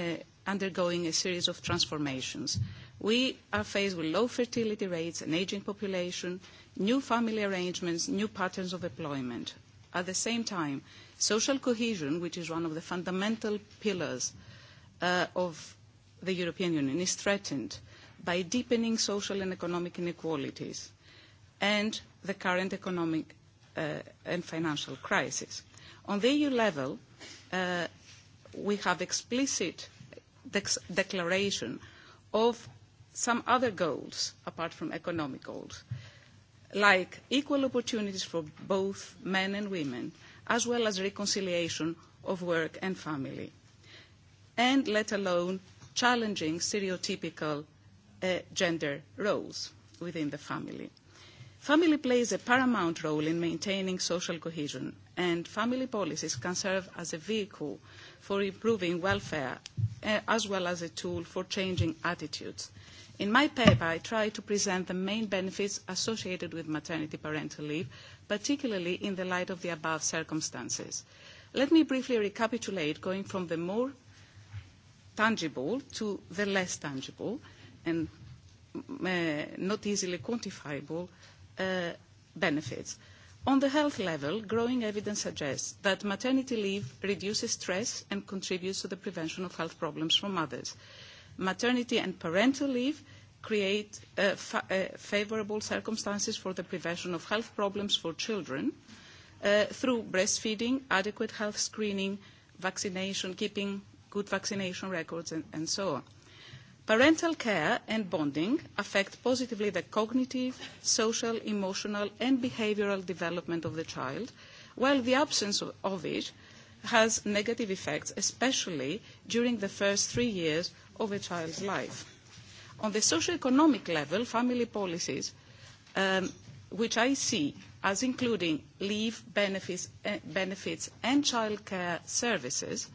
undergoing a series of transformations. Mm -hmm We are faced with low fertility rates, an aging population, new family arrangements, new patterns of employment. At the same time, social cohesion, which is one of the fundamental pillars uh, of the European Union, is threatened by deepening social and economic inequalities and the current economic uh, and financial crisis. On the EU level, uh, we have explicit de declaration of some other goals apart from economic goals, like equal opportunities for both men and women, as well as reconciliation of work and family, and let alone challenging stereotypical uh, gender roles within the family. Family plays a paramount role in maintaining social cohesion, and family policies can serve as a vehicle for improving welfare uh, as well as a tool for changing attitudes In my paper, I try to present the main benefits associated with maternity parental leave, particularly in the light of the above circumstances. Let me briefly recapitulate, going from the more tangible to the less tangible and uh, not easily quantifiable uh, benefits. On the health level, growing evidence suggests that maternity leave reduces stress and contributes to the prevention of health problems from mothers. Maternity and parental leave create uh, fa uh, favorable circumstances for the prevention of health problems for children uh, through breastfeeding, adequate health screening, vaccination, keeping good vaccination records, and, and so on. Parental care and bonding affect positively the cognitive, social, emotional, and behavioral development of the child, while the absence of, of it has negative effects, especially during the first three years of a child's life. On the socio-economic level, family policies, um, which I see as including leave benefits, uh, benefits and childcare services,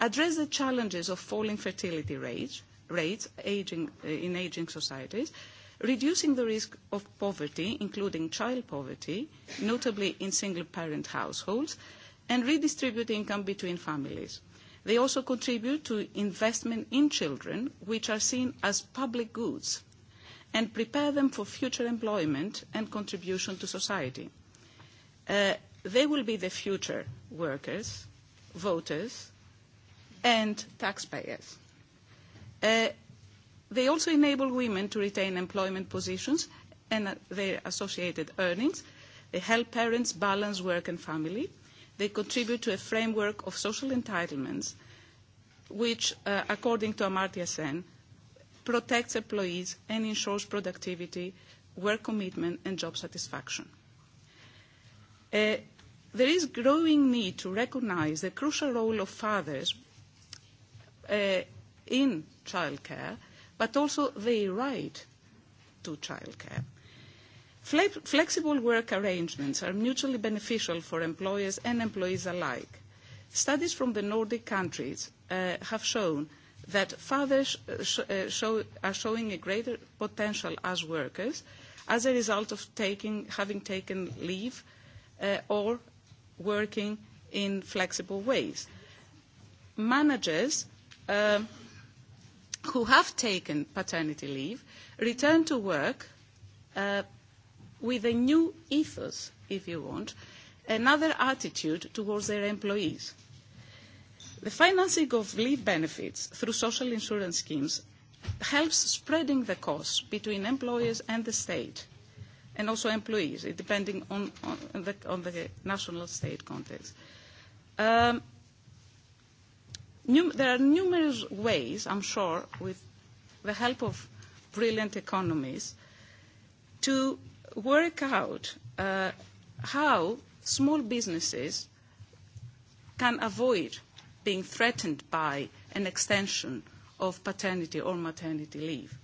address the challenges of falling fertility rates, rates aging, uh, in ageing societies, reducing the risk of poverty, including child poverty, notably in single-parent households, and redistribute income between families. They also contribute to investment in children, which are seen as public goods, and prepare them for future employment and contribution to society. Uh, they will be the future workers, voters, and taxpayers. Uh, they also enable women to retain employment positions and uh, their associated earnings. They help parents balance work and family They contribute to a framework of social entitlements, which, uh, according to Amartya Sen, protects employees and ensures productivity, work commitment, and job satisfaction. Uh, there is growing need to recognize the crucial role of fathers uh, in childcare, but also their right to childcare. Flexible work arrangements are mutually beneficial for employers and employees alike. Studies from the Nordic countries uh, have shown that fathers uh, sh uh, show, are showing a greater potential as workers as a result of taking, having taken leave uh, or working in flexible ways. Managers um, who have taken paternity leave return to work uh, with a new ethos, if you want, another attitude towards their employees. The financing of leave benefits through social insurance schemes helps spreading the costs between employers and the state, and also employees, depending on, on, the, on the, national state context. Um, there are numerous ways, I'm sure, with the help of brilliant economists, to work out uh, how small businesses can avoid being threatened by an extension of paternity or maternity leave.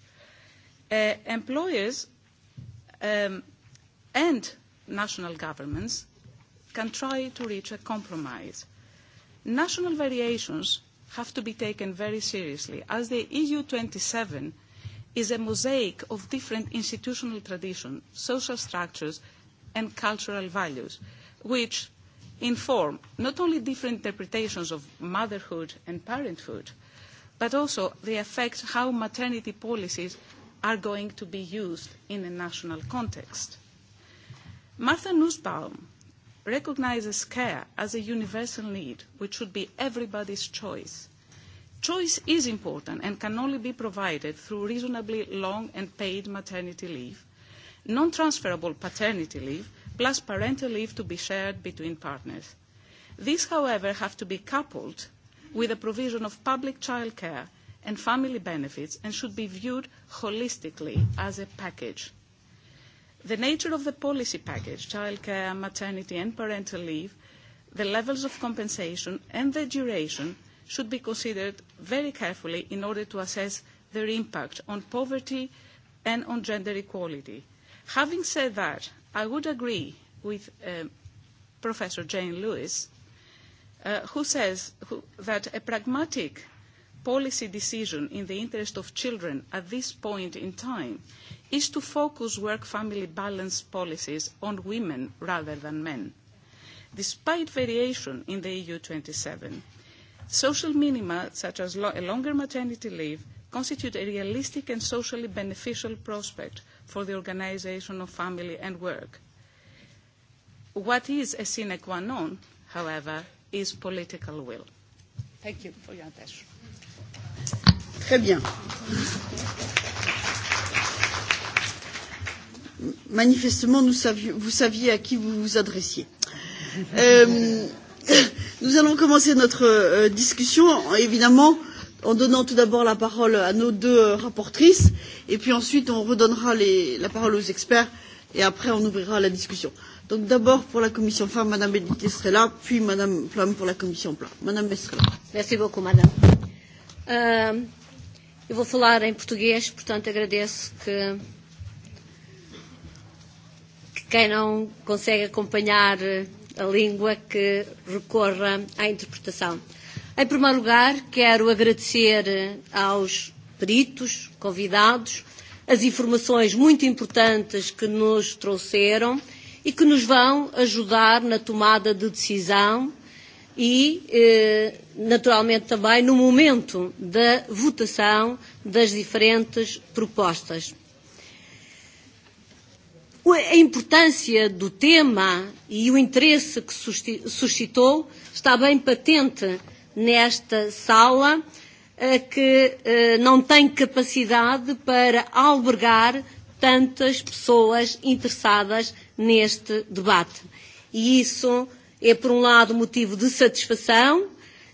Uh, employers um, and national governments can try to reach a compromise. National variations have to be taken very seriously. As the EU 27 is a mosaic of different institutional traditions, social structures and cultural values, which inform not only different interpretations of motherhood and parenthood, but also they affect how maternity policies are going to be used in a national context. Martha Nussbaum recognises care as a universal need, which should be everybody's choice Choice is important and can only be provided through reasonably long and paid maternity leave, non-transferable paternity leave, plus parental leave to be shared between partners. These, however, have to be coupled with the provision of public childcare and family benefits and should be viewed holistically as a package. The nature of the policy package, childcare, maternity and parental leave, the levels of compensation and the duration should be considered very carefully in order to assess their impact on poverty and on gender equality. Having said that, I would agree with uh, Professor Jane Lewis, uh, who says who, that a pragmatic policy decision in the interest of children at this point in time is to focus work-family balance policies on women rather than men. Despite variation in the EU 27, Social minima, such as lo a longer maternity leave, constitute a realistic and socially beneficial prospect for the organisation of family and work. What is a sine qua non, however, is political will. Thank you for your attention. Très bien. Manifestement, nous savions, vous saviez à qui vous vous adressiez. Euh, <coughs> nous allons commencer notre euh, discussion évidemment en donnant tout d'abord la parole à nos deux euh, rapporteures et puis ensuite on redonnera les, la parole aux experts et après on ouvrira la discussion. Donc d'abord pour la commission femmes, Madame Edith Estrella, puis Madame Plum pour la commission Plum. Madame Estrella. Merci beaucoup, Madame. Uh, eu vou falar em português, portanto agradeço que, que quem não consegue acompanhar uh, a língua que recorra à interpretação. Em primeiro lugar, quero agradecer eh, aos peritos convidados as informações muito importantes que nos trouxeram e que nos vão ajudar na tomada de decisão e, eh, naturalmente, também no momento da votação das diferentes propostas. A importância do tema e o interesse que suscitou está bem patente nesta sala, que eh, eh, não tem capacidade para albergar tantas pessoas interessadas neste debate. E isso é, por um lado, motivo de satisfação,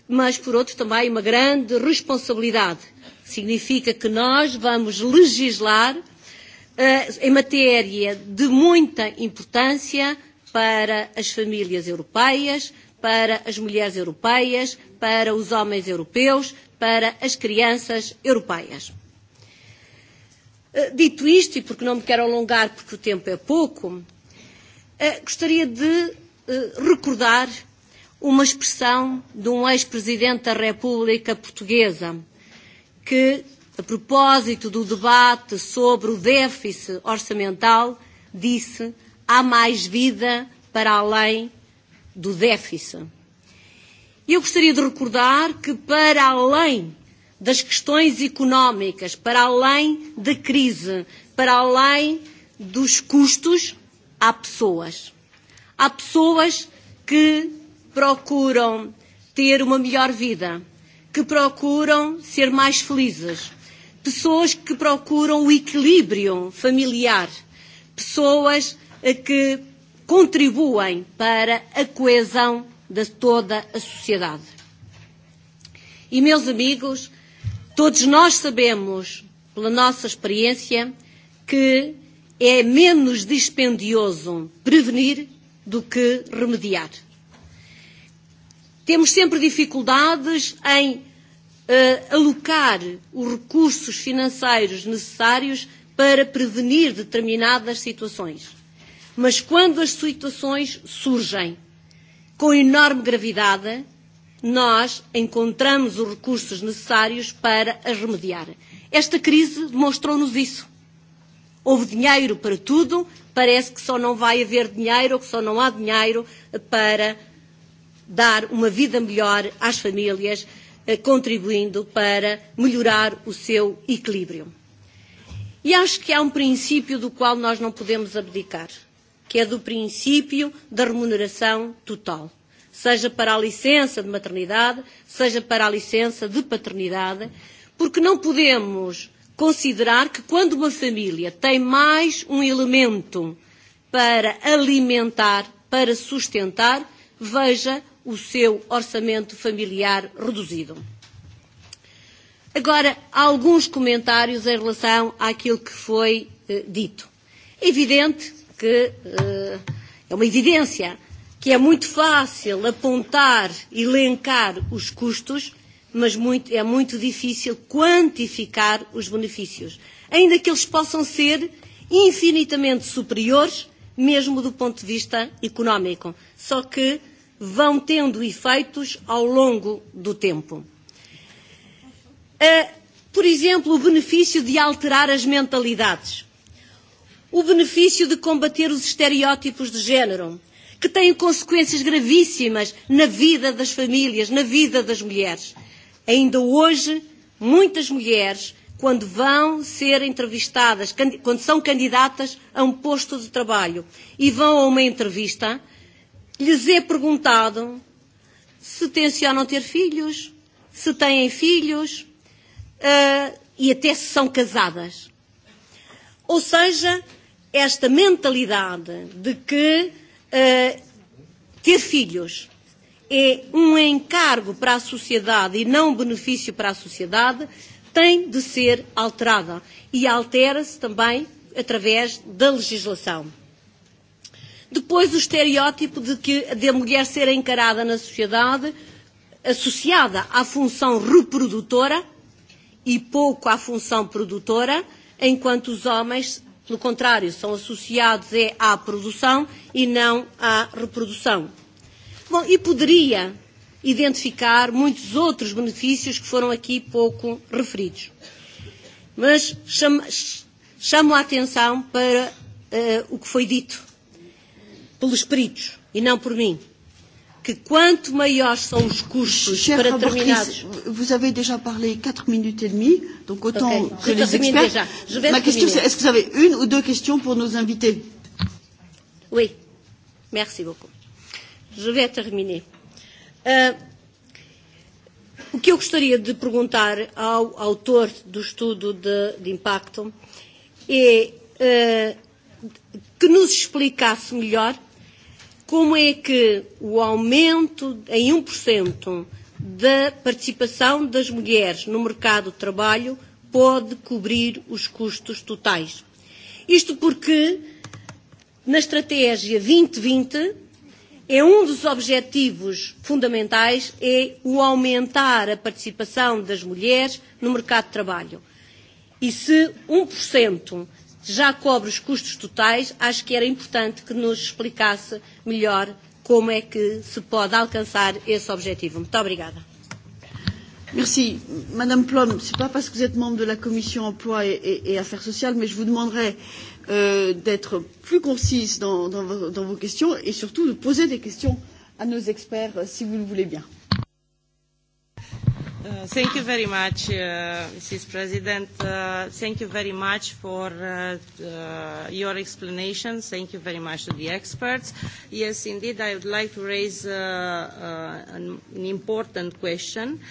mas, por outro, também uma grande responsabilidade. Significa que nós vamos legislar em matéria de muita importância para as famílias europeias, para as mulheres europeias, para os homens europeus, para as crianças europeias. Dito isto, e porque não me quero alongar porque o tempo é pouco, gostaria de recordar uma expressão de um ex-presidente da República Portuguesa que a propósito do debate sobre o déficit orçamental, disse há mais vida para além do déficit. Eu gostaria de recordar que, para além das questões económicas, para além da crise, para além dos custos, há pessoas. Há pessoas que procuram ter uma melhor vida, que procuram ser mais felizes, pessoas que procuram o equilíbrio familiar, pessoas que contribuem para a coesão de toda a sociedade. E, meus amigos, todos nós sabemos, pela nossa experiência, que é menos dispendioso prevenir do que remediar. Temos sempre dificuldades em uh, alocar os recursos financeiros necessários para prevenir determinadas situações. Mas quando as situações surgem com enorme gravidade, nós encontramos os recursos necessários para as remediar. Esta crise demonstrou-nos isso. Houve dinheiro para tudo, parece que só não vai haver dinheiro ou que só não há dinheiro para dar uma vida melhor às famílias Eh, contribuindo para melhorar o seu equilíbrio. E acho que há um princípio do qual nós não podemos abdicar, que é do princípio da remuneração total, seja para a licença de maternidade, seja para a licença de paternidade, porque não podemos considerar que quando uma família tem mais um elemento para alimentar, para sustentar, veja o seu orçamento familiar reduzido. Agora, alguns comentários em relação àquilo que foi uh, dito. É evidente que, uh, é uma evidência, que é muito fácil apontar e elencar os custos, mas muito, é muito difícil quantificar os benefícios, ainda que eles possam ser infinitamente superiores, mesmo do ponto de vista económico. Só que vão tendo efeitos ao longo do tempo. Por exemplo, o benefício de alterar as mentalidades, o benefício de combater os estereótipos de género, que têm consequências gravíssimas na vida das famílias, na vida das mulheres. Ainda hoje, muitas mulheres, quando vão ser entrevistadas, quando são candidatas a um posto de trabalho e vão a uma entrevista, lhes é perguntado se tencionam ter filhos, se têm filhos uh, e até se são casadas. Ou seja, esta mentalidade de que uh, ter filhos é um encargo para a sociedade e não um benefício para a sociedade tem de ser alterada e altera-se também através da legislação. Depois o estereótipo de que de a mulher ser encarada na sociedade associada à função reprodutora e pouco à função produtora, enquanto os homens, pelo contrário, são associados é à produção e não à reprodução. Bom, e poderia identificar muitos outros benefícios que foram aqui pouco referidos. Mas chamo, chamo a atenção para uh, o que foi dito pelos peritos e não por mim, que quanto maiores são os custos Cher para determinados... Vous avez déjà parlé 4 minutes et demie, donc autant okay. que Je les experts... Déjà. Je vais Ma question c'est, est-ce que vous avez une ou deux questions pour nos invités Oui, merci beaucoup. Je vais terminer. Uh, o que eu gostaria de perguntar ao autor do estudo de, de impacto é uh, que nos explicasse melhor como é que o aumento em 1% um da participação das mulheres no mercado de trabalho pode cobrir os custos totais. Isto porque na Estratégia 2020 é um dos objetivos fundamentais é o aumentar a participação das mulheres no mercado de trabalho. E se um já cobre os custos totais, acho que era importante que nos explicasse melhor como é que se pode alcançar esse objetivo. Muito obrigada. Merci. Madame Plom, ce n'est pas parce que vous êtes membre de la Commission emploi et, et, et affaires sociales, mais je vous demanderai euh, d'être plus concise dans, dans, dans vos questions et surtout de poser des questions à nos experts euh, si vous le voulez bien. Uh, thank you very much, uh, Mrs. President. Uh, thank you very much for uh, uh, your explanation. Thank you very much to the experts. Yes, indeed, I would like to raise uh, uh, an, an important question.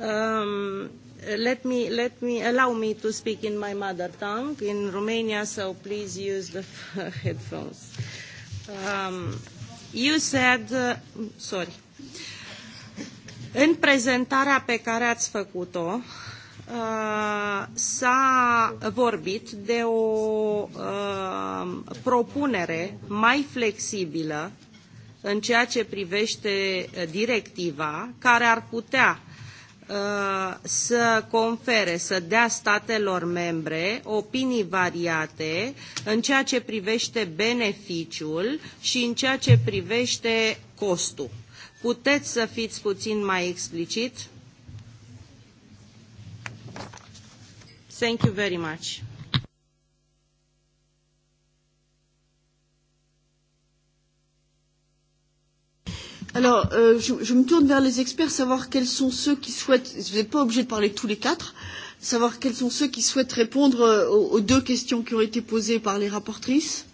Um, let me let me allow me to speak in my mother tongue in Romania, so please use the <laughs> headphones. Um, you said, uh, sorry. În prezentarea pe care ați făcut-o, uh, s-a vorbit de o uh, propunere mai flexibilă în ceea ce privește uh, directiva, care ar putea să confere, să dea statelor membre opinii variate în ceea ce privește beneficiul și în ceea ce privește costul. Puteți să fiți puțin mai explicit? Thank you very much. Alors, euh, je, je me tourne vers les experts, savoir quels sont ceux qui souhaitent, vous n'êtes pas obligé de parler tous les quatre, savoir quels sont ceux qui souhaitent répondre euh, aux, aux deux questions qui ont été posées par les rapportrices.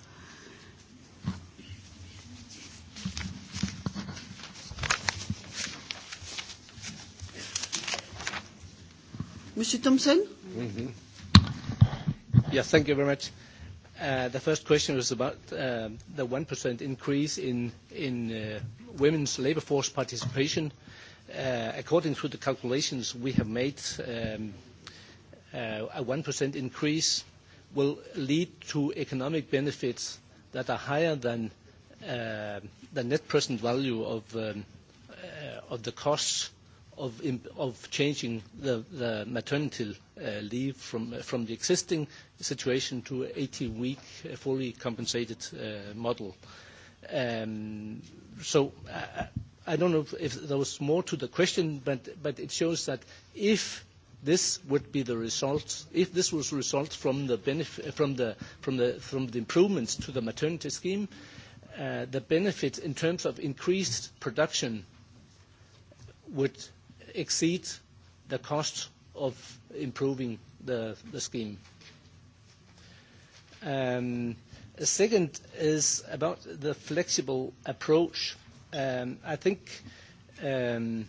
Mr. Thompson? Mm -hmm. Yes, thank you very much. Uh, the first question was about uh, the 1% increase in, in uh, women's labour force participation. Uh, according to the calculations we have made, um, uh, a 1% increase will lead to economic benefits that are higher than uh, the net present value of, um, of the costs of, of changing the, the maternity uh, leave from, uh, from the existing situation to an 18-week uh, fully compensated uh, model. Um, so I, uh, I don't know if there was more to the question, but, but it shows that if this would be the result, if this was result from the, benefit, from the, from the, from the improvements to the maternity scheme, uh, the benefit in terms of increased production would exceed the cost of improving the, the scheme. Um, second is about the flexible approach. Um, I think um,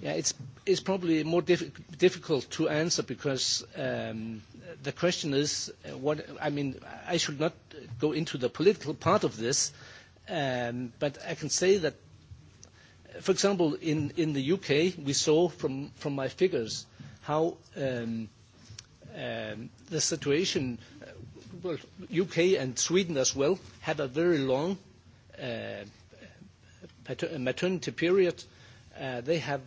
yeah, it's, it's probably more diff difficult to answer because um, the question is uh, what I mean. I should not go into the political part of this, um, but I can say that for example, in, in the UK, we saw from, from my figures how um, um, the situation, uh, well, UK and Sweden as well, had a very long uh, uh, maternity period. they have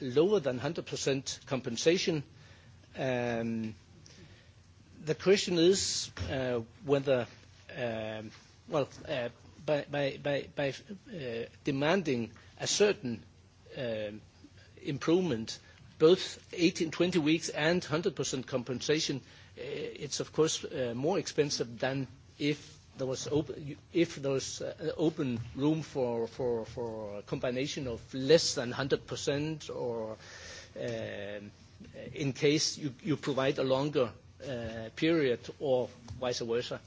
lower than 100% compensation. Um, the question is whether, well, by, by, by demanding a certain um, improvement, both 18, 20 weeks and 100% compensation, uh, it's of course uh, more expensive than if there was uh, open, room for, a combination of less than 100% or um, in case you, provide a longer period or vice versa.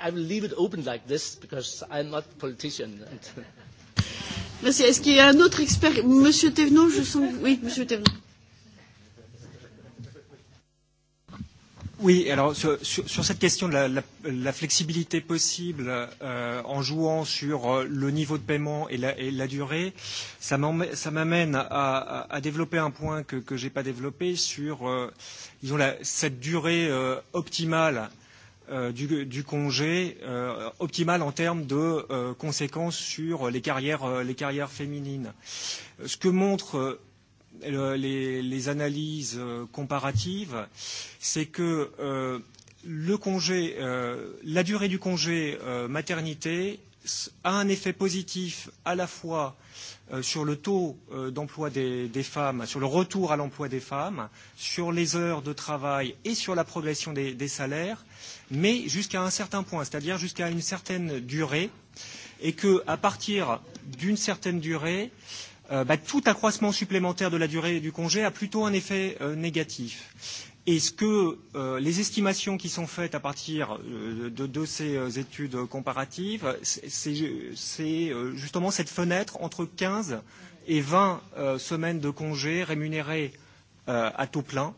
I will leave it open like this because I'm not a politician. And <laughs> Merci. Est-ce qu'il y a un autre expert Monsieur Thévenot, je sens. Oui, Monsieur Thévenot. Oui, alors sur, sur, sur cette question de la, la, la flexibilité possible euh, en jouant sur euh, le niveau de paiement et la, et la durée, ça m'amène à, à, à développer un point que je n'ai pas développé sur euh, disons la, cette durée euh, optimale euh, Euh, du, du congé euh, optimal en termes de euh, conséquences sur les carrières, euh, les carrières féminines. Euh, ce que montrent euh, le, les, les analyses euh, comparatives, c'est que euh, le congé, euh, la durée du congé euh, maternité a un effet positif à la fois euh, sur le taux euh, d'emploi des, des femmes, sur le retour à l'emploi des femmes, sur les heures de travail et sur la progression des, des salaires, mais jusqu'à un certain point, c'est-à-dire jusqu'à une certaine durée, et qu'à partir d'une certaine durée, euh, bah, tout accroissement supplémentaire de la durée du congé a plutôt un effet euh, négatif. Est-ce que euh, les estimations qui sont faites à partir euh, de, de ces euh, études comparatives, c'est euh, justement cette fenêtre entre 15 et 20 euh, semaines de congés rémunérés euh, à taux plein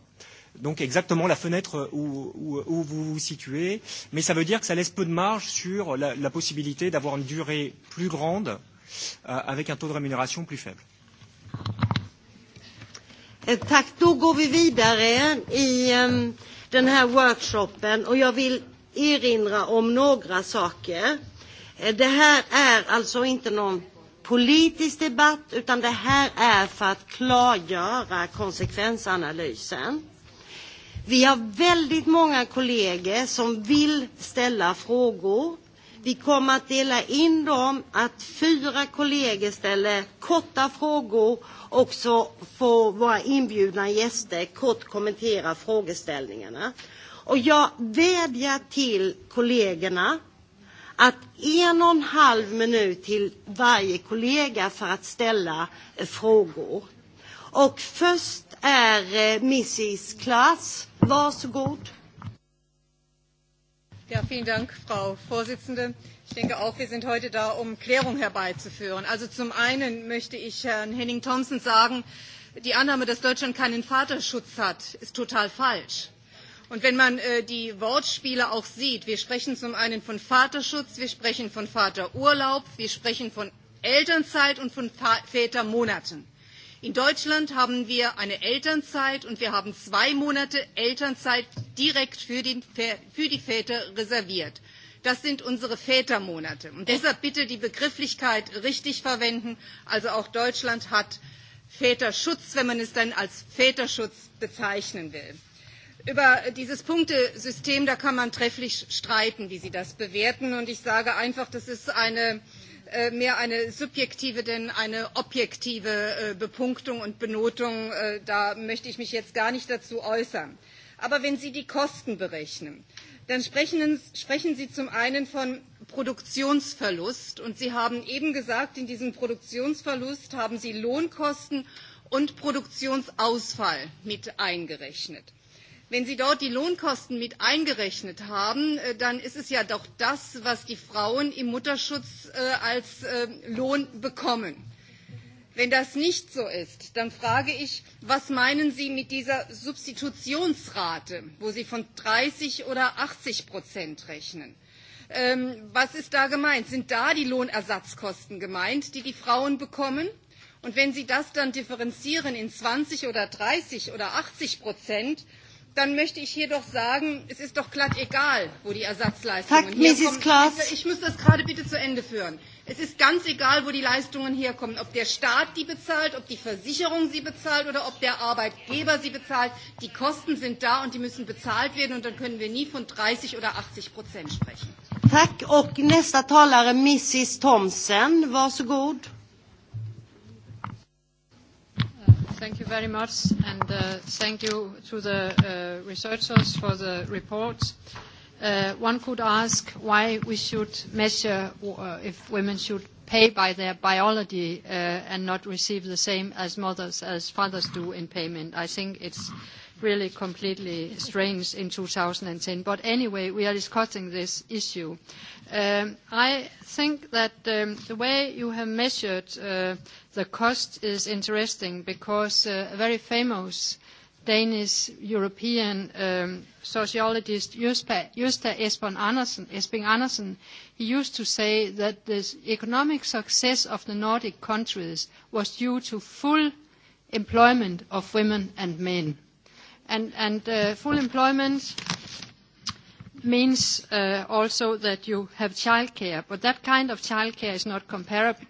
donc exactement la fenêtre euh, où, où, où vous vous situez, mais ça veut dire que ça laisse peu de marge sur la, la possibilité d'avoir une durée plus grande euh, avec un taux de rémunération plus faible. Eh, tack, då går vi vidare i ehm, den här workshopen och jag vill erinra om några saker. Eh, det här är alltså inte någon politisk debatt utan det här är för att klargöra konsekvensanalysen. Vi har väldigt många kollegor som vill ställa frågor vi kommer att dela in dem att fyra kollegor ställer korta frågor och så får våra inbjudna gäster kort kommentera frågeställningarna. Och jag vädjar till kollegorna att en och en halv minut till varje kollega för att ställa eh, frågor. Och först är eh, Mrs Klass. Varsågod. Ja, vielen Dank, Frau Vorsitzende. Ich denke auch, wir sind heute da, um Klärung herbeizuführen. Also zum einen möchte ich Herrn Henning Thompson sagen, die Annahme, dass Deutschland keinen Vaterschutz hat, ist total falsch. Und wenn man äh, die Wortspiele auch sieht, wir sprechen zum einen von Vaterschutz, wir sprechen von Vaterurlaub, wir sprechen von Elternzeit und von Vätermonaten. In Deutschland haben wir eine Elternzeit und wir haben zwei Monate Elternzeit direkt für, den, für die Väter reserviert. Das sind unsere Vätermonate. Und deshalb bitte die Begrifflichkeit richtig verwenden. Also auch Deutschland hat Väterschutz, wenn man es dann als Väterschutz bezeichnen will. Über dieses Punktesystem, da kann man trefflich streiten, wie Sie das bewerten. Und ich sage einfach, das ist eine Äh, mehr eine subjektive denn eine objektive äh, Bepunktung und Benotung. Äh, da möchte ich mich jetzt gar nicht dazu äußern. Aber wenn Sie die Kosten berechnen, dann sprechen, sprechen Sie zum einen von Produktionsverlust. Und Sie haben eben gesagt, in diesem Produktionsverlust haben Sie Lohnkosten und Produktionsausfall mit eingerechnet. Wenn Sie dort die Lohnkosten mit eingerechnet haben, äh, dann ist es ja doch das, was die Frauen im Mutterschutz äh, als äh, Lohn bekommen. Wenn das nicht so ist, dann frage ich, was meinen Sie mit dieser Substitutionsrate, wo Sie von 30 oder 80 Prozent rechnen? Ähm, was ist da gemeint? Sind da die Lohnersatzkosten gemeint, die die Frauen bekommen? Und wenn Sie das dann differenzieren in 20 oder 30 oder 80 Prozent, dann möchte ich jedoch sagen, es ist doch glatt egal, wo die Ersatzleistungen Tag, herkommen. Mrs. Klaas. Ich muss das gerade bitte zu Ende führen. Es ist ganz egal, wo die Leistungen herkommen, ob der Staat die bezahlt, ob die Versicherung sie bezahlt oder ob der Arbeitgeber sie bezahlt. Die Kosten sind da und die müssen bezahlt werden und dann können wir nie von 30 oder 80 Prozent sprechen. Tack och nästa talare Mrs Thomsen, varsågod. Thank you very much, and uh, thank you to the uh, researchers for the report. Uh, one could ask why we should measure uh, if women should pay by their biology uh, and not receive the same as mothers as fathers do in payment. I think it's really completely strange in 2010. But anyway, we are discussing this issue. Um, I think that um, the way you have measured uh, the cost is interesting because uh, a very famous Danish European um, sociologist Justa, Justa Andersen, Andersen, he used to say that the economic success of the Nordic countries was due to full employment of women and men. And, and uh, full employment means uh, also that you have childcare, but that kind of childcare is not comparable,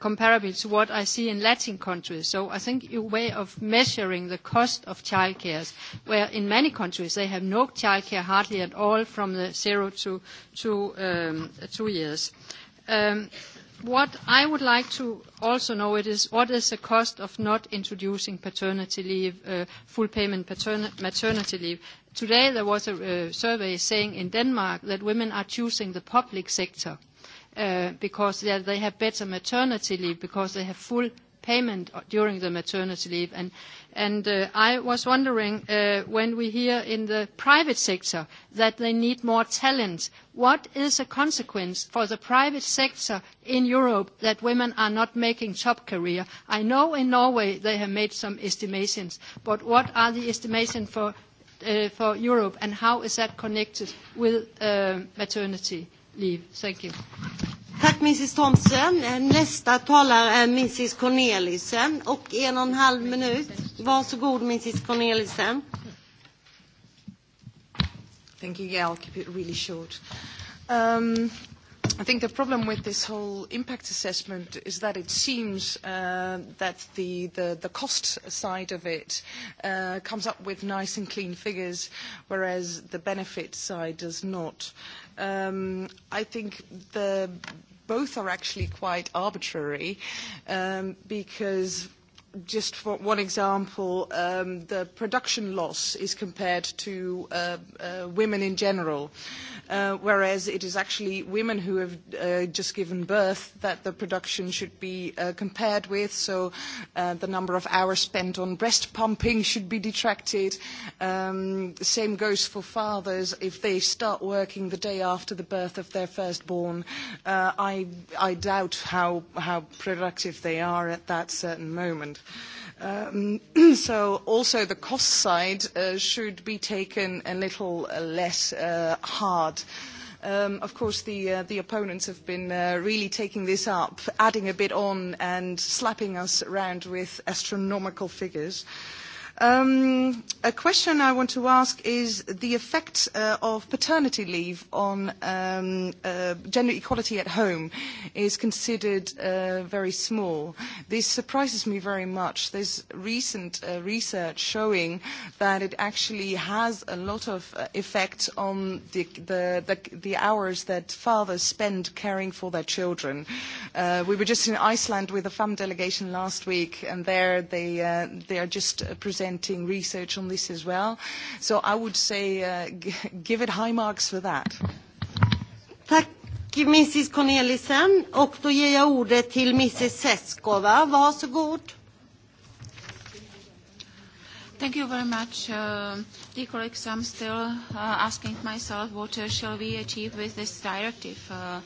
comparable to what I see in Latin countries. So I think a way of measuring the cost of childcare, where in many countries they have no childcare hardly at all from the zero to, to um, two years. Um, What I would like to also know it is what is the cost of not introducing paternity leave, uh, full payment maternity leave. Today there was a uh, survey saying in Denmark that women are choosing the public sector uh, because they, they have better maternity leave because they have full payment during the maternity leave and And uh, I was wondering, uh, when we hear in the private sector that they need more talent, what is a consequence for the private sector in Europe that women are not making top career? I know in Norway they have made some estimations, but what are the estimations for, uh, for Europe, and how is that connected with maternity leave? Thank you. Tack Mrs Thomsen. Eh, nästa talare är Mrs Cornelissen och en och en halv minut. Varsågod Mrs Cornelissen. Thank you. Yeah, I'll keep it really short. Um, I think the problem with this whole impact assessment is that it seems uh, that the, the, the, cost side of it uh, comes up with nice and clean figures, whereas the benefit side does not. Um, I think the both are actually quite arbitrary um, because just for one example, um, the production loss is compared to uh, uh, women in general, uh, whereas it is actually women who have uh, just given birth that the production should be uh, compared with. So uh, the number of hours spent on breast pumping should be detracted. Um, same goes for fathers if they start working the day after the birth of their firstborn. I, I doubt how, how productive they are at that certain moment. Um, <clears throat> so also the cost side uh, should be taken a little less uh, hard. Um, of course, the, uh, the opponents have been uh, really taking this up, adding a bit on and slapping us around with astronomical figures. Uh, Um, a question I want to ask is the effect uh, of paternity leave on um, uh, gender equality at home is considered uh, very small. This surprises me very much. There's recent uh, research showing that it actually has a lot of uh, effect on the, the, the, the, hours that fathers spend caring for their children. Uh, we were just in Iceland with a FAM delegation last week, and there they, they are just presenting presenting research on this as well. So I would say uh, give it high marks for that. Tack Mrs Cornelissen och då ger jag ordet till Mrs Seskova. Varsågod. Thank you very much. Uh, dear colleagues, I'm still uh, asking myself what uh, shall we achieve with this directive. Uh,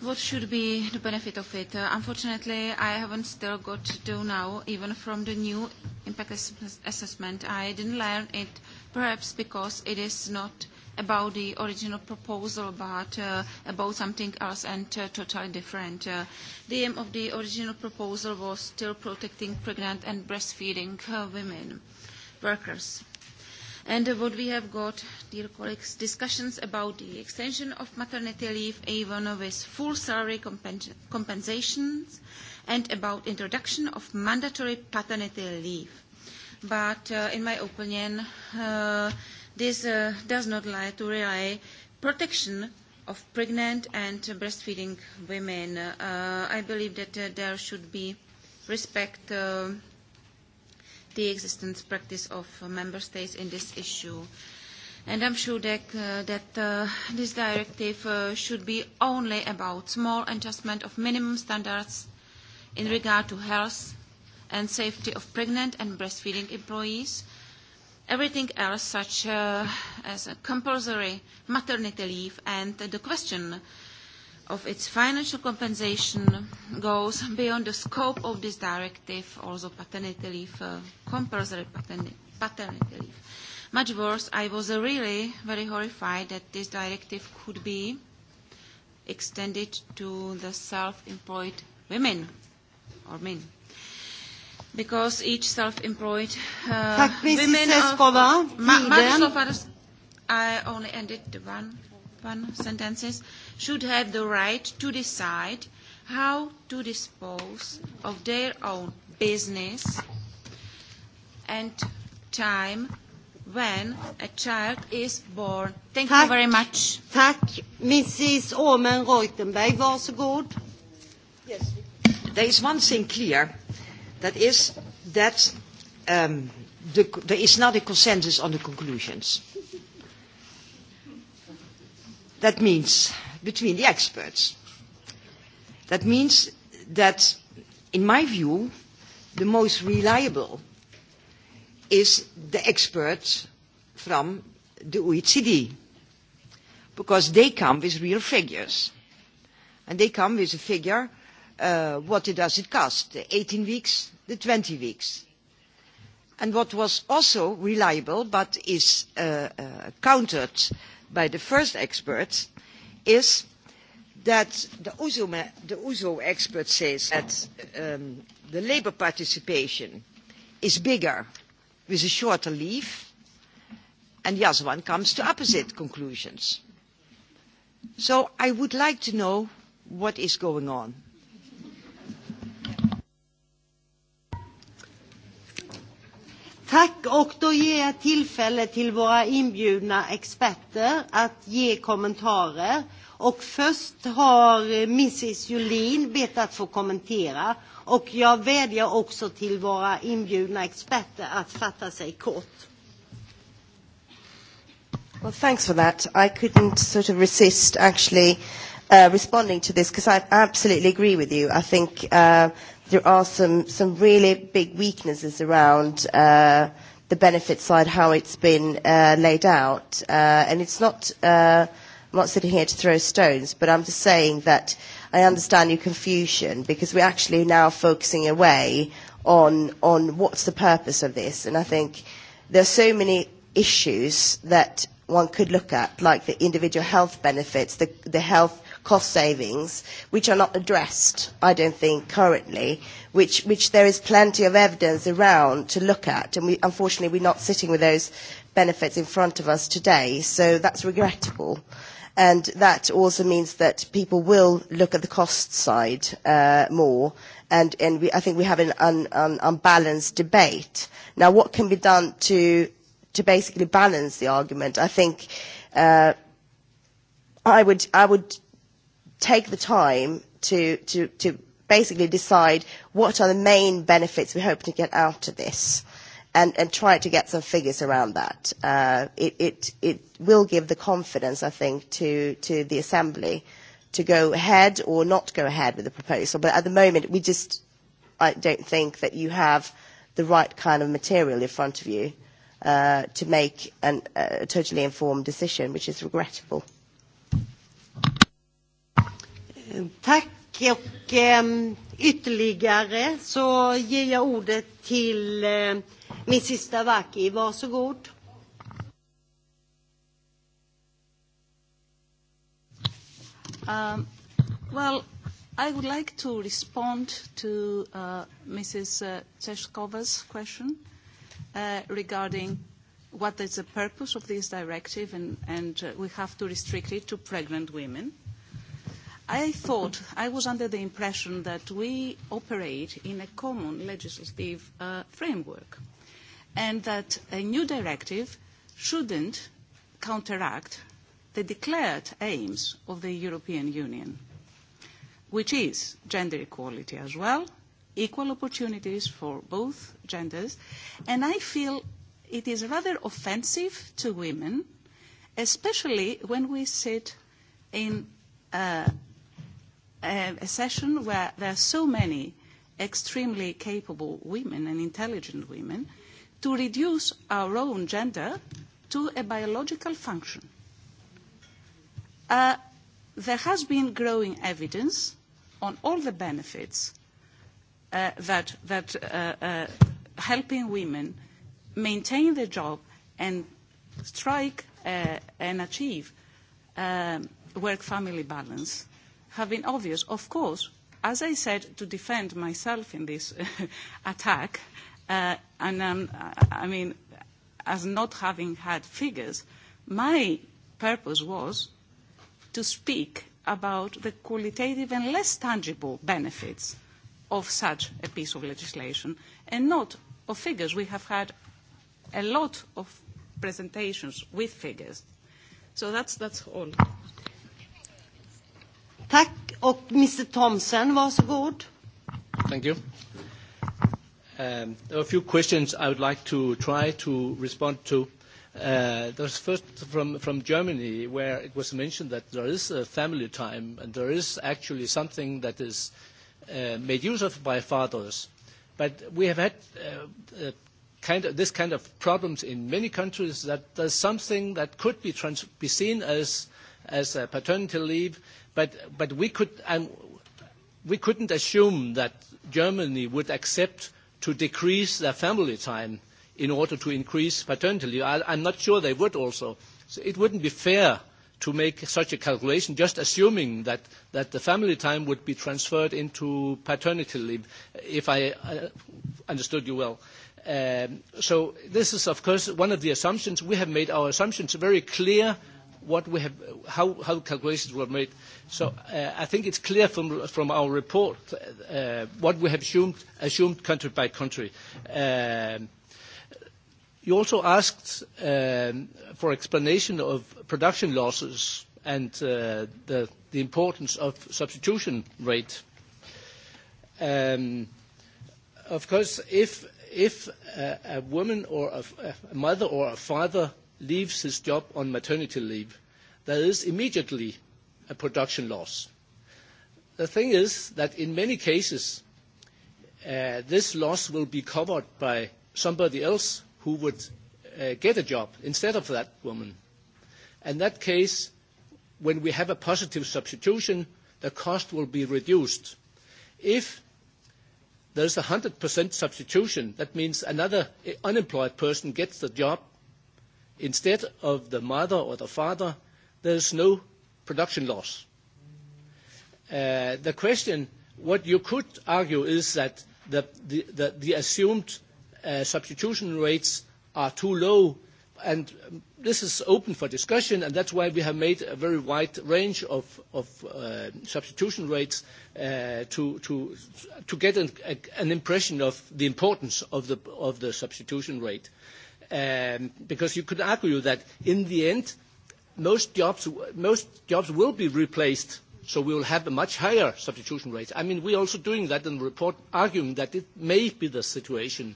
what should be the benefit of it? Uh, unfortunately, I haven't still got to now, even from the new impact assessment. I didn't learn it, perhaps because it is not about the original proposal, but uh, about something else and uh, totally different. Uh, the aim of the original proposal was still protecting pregnant and breastfeeding uh, women, workers. And what we have got, dear colleagues, discussions about the extension of maternity leave, even with full salary compens compensations, and about introduction of mandatory paternity leave. But uh, in my opinion, uh, this uh, does not lie to rely protection of pregnant and breastfeeding women. Uh, I believe that uh, there should be respect uh, the existent practice of uh, member states in this issue. And I'm sure that, uh, that uh, this directive uh, should be only about small adjustment of minimum standards in regard to health and safety of pregnant and breastfeeding employees. Everything else, such uh, as a compulsory maternity leave and uh, the question of its financial compensation goes <laughs> beyond the scope of this directive, also paternity leave, uh, compulsory paternity, leave. Much worse, I was uh, really very horrified that this directive could be extended to the self-employed women or men. Because each self-employed uh, women of... Ma, ma, I only ended one, one sentences. Uh, should have the right to decide how to dispose of their own business and time when a child is born. Thank Tack. you very much. Tack. Mrs. Omen Reutenberg, varsågod. Yes. There is one thing clear, that is that um, the, there is not a consensus on the conclusions. That means between the experts. That means that, in my view, the most reliable is the experts from the OECD, because they come with real figures. And they come with a figure, uh, what does it cost, the 18 weeks, the 20 weeks. And what was also reliable, but is uh, uh, countered by the first experts, is that the OESO, the OESO expert says that um, the labour participation is bigger with a shorter leave, and the other one comes to opposite conclusions. So I would like to know what is going on. Tack och då ger jag tillfälle till våra inbjudna experter att ge kommentarer. Och först har Mrs Julin bett att få kommentera och jag vädjar också till våra inbjudna experter att fatta sig kort. Well, thanks for that. I couldn't sort of resist actually uh, responding to this because I absolutely agree with you. I think uh, there are some, some really big weaknesses around uh, the benefit side, how it's been uh, laid out. Uh, and it's not, I'm not sitting here to throw stones, but I'm just saying that I understand your confusion because we're actually now focusing away on, on what's the purpose of this. And I think there are so many issues that one could look at, like the individual health benefits, the, the health cost savings, which are not addressed, I don't think, currently, which, which there is plenty of evidence around to look at. And we, unfortunately, we're not sitting with those benefits in front of us today, so that's regrettable. And that also means that people will look at the cost side uh, more, and, and we, I think we have an un, un, unbalanced debate. Now, what can be done to, to basically balance the argument? I think uh, I, would, I would take the time to, to, to basically decide what are the main benefits we hope to get out of this and, and try to get some figures around that. Uh, it, it, it will give the confidence, I think, to, to the Assembly to go ahead or not go ahead with the proposal. But at the moment, we just, I don't think that you have the right kind of material in front of you uh, to make an, uh, a totally informed decision, which is regrettable. Tack och ehm, ytterligare så ger jag ordet till eh, Mrs Stavaki. Varsågod. Um, well, I would like to respond to uh, Mrs. Uh, Cheshkova's question uh, regarding what is the purpose of this directive and, and uh, we have to restrict it to pregnant women. I thought, I was under the impression that we operate in a common legislative uh, framework and that a new directive shouldn't counteract the declared aims of the European Union, which is gender equality as well, equal opportunities for both genders, and I feel it is rather offensive to women, especially when we sit in uh, Uh, a, session where there are so many extremely capable women and intelligent women to reduce our own gender to a biological function. Uh, there has been growing evidence on all the benefits uh, that, that uh, uh helping women maintain their job and strike uh, and achieve um, work-family balance have been obvious. Of course, as I said to defend myself in this <laughs> attack, uh, and um, I mean, as not having had figures, my purpose was to speak about the qualitative and less tangible benefits of such a piece of legislation and not of figures. We have had a lot of presentations with figures. So that's, that's all. Tack. Och Mr Thomsen, varsågod. Thank you. Um, there are a few questions I would like to try to respond to. Uh, there's first from, from Germany, where it was mentioned that there is a family time, and there is actually something that is uh, made use of by fathers. But we have had uh, uh kind of, this kind of problems in many countries, that there's something that could be, be seen as, as a paternity leave, But, but we, could, um, we couldn't assume that Germany would accept to decrease their family time in order to increase paternity leave. I, I'm not sure they would also. So it wouldn't be fair to make such a calculation, just assuming that, that the family time would be transferred into paternity leave, if I uh, understood you well. Um, so this is, of course, one of the assumptions. We have made our assumptions very clear what we have, how, how calculations were made. So uh, I think it's clear from, from our report uh, what we have assumed, assumed country by country. Um, you also asked um, for explanation of production losses and uh, the, the importance of substitution rate. Um, of course, if, if a, a woman or a, a mother or a father leaves his job on maternity leave, there is immediately a production loss. The thing is that in many cases, uh, this loss will be covered by somebody else who would uh, get a job instead of that woman. In that case, when we have a positive substitution, the cost will be reduced. If there's 100% substitution, that means another eh, unemployed person gets the job, Instead of the mother or the father, there is no production loss. Uh, the question, what you could argue is that the, the, the, the assumed uh, substitution rates are too low, and um, this is open for discussion, and that's why we have made a very wide range of, of uh, substitution rates uh, to, to, to get an, a, an impression of the importance of the, of the substitution rate. Uh, Um, because you could argue that in the end, most jobs, most jobs will be replaced, so we will have a much higher substitution rate. I mean, we're also doing that in the report, arguing that it may be the situation.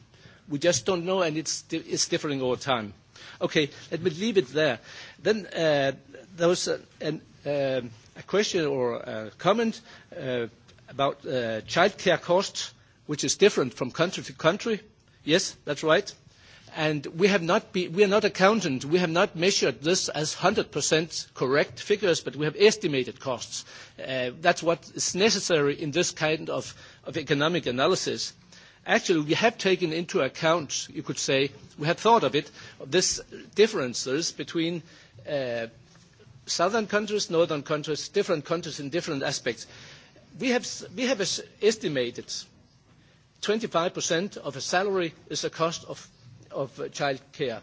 We just don't know, and it's, it's differing over time. Okay, let me leave it there. Then uh, there was a, an, uh, a question or a comment uh, about uh, childcare costs, which is different from country to country. Yes, that's right and we have not be, we are not accountant. We have not measured this as 100% correct figures, but we have estimated costs. Uh, that's what is necessary in this kind of, of economic analysis. Actually, we have taken into account, you could say, we have thought of it, this differences between uh, southern countries, northern countries, different countries in different aspects. We have, we have estimated 25% of a salary is a cost of of uh, childcare.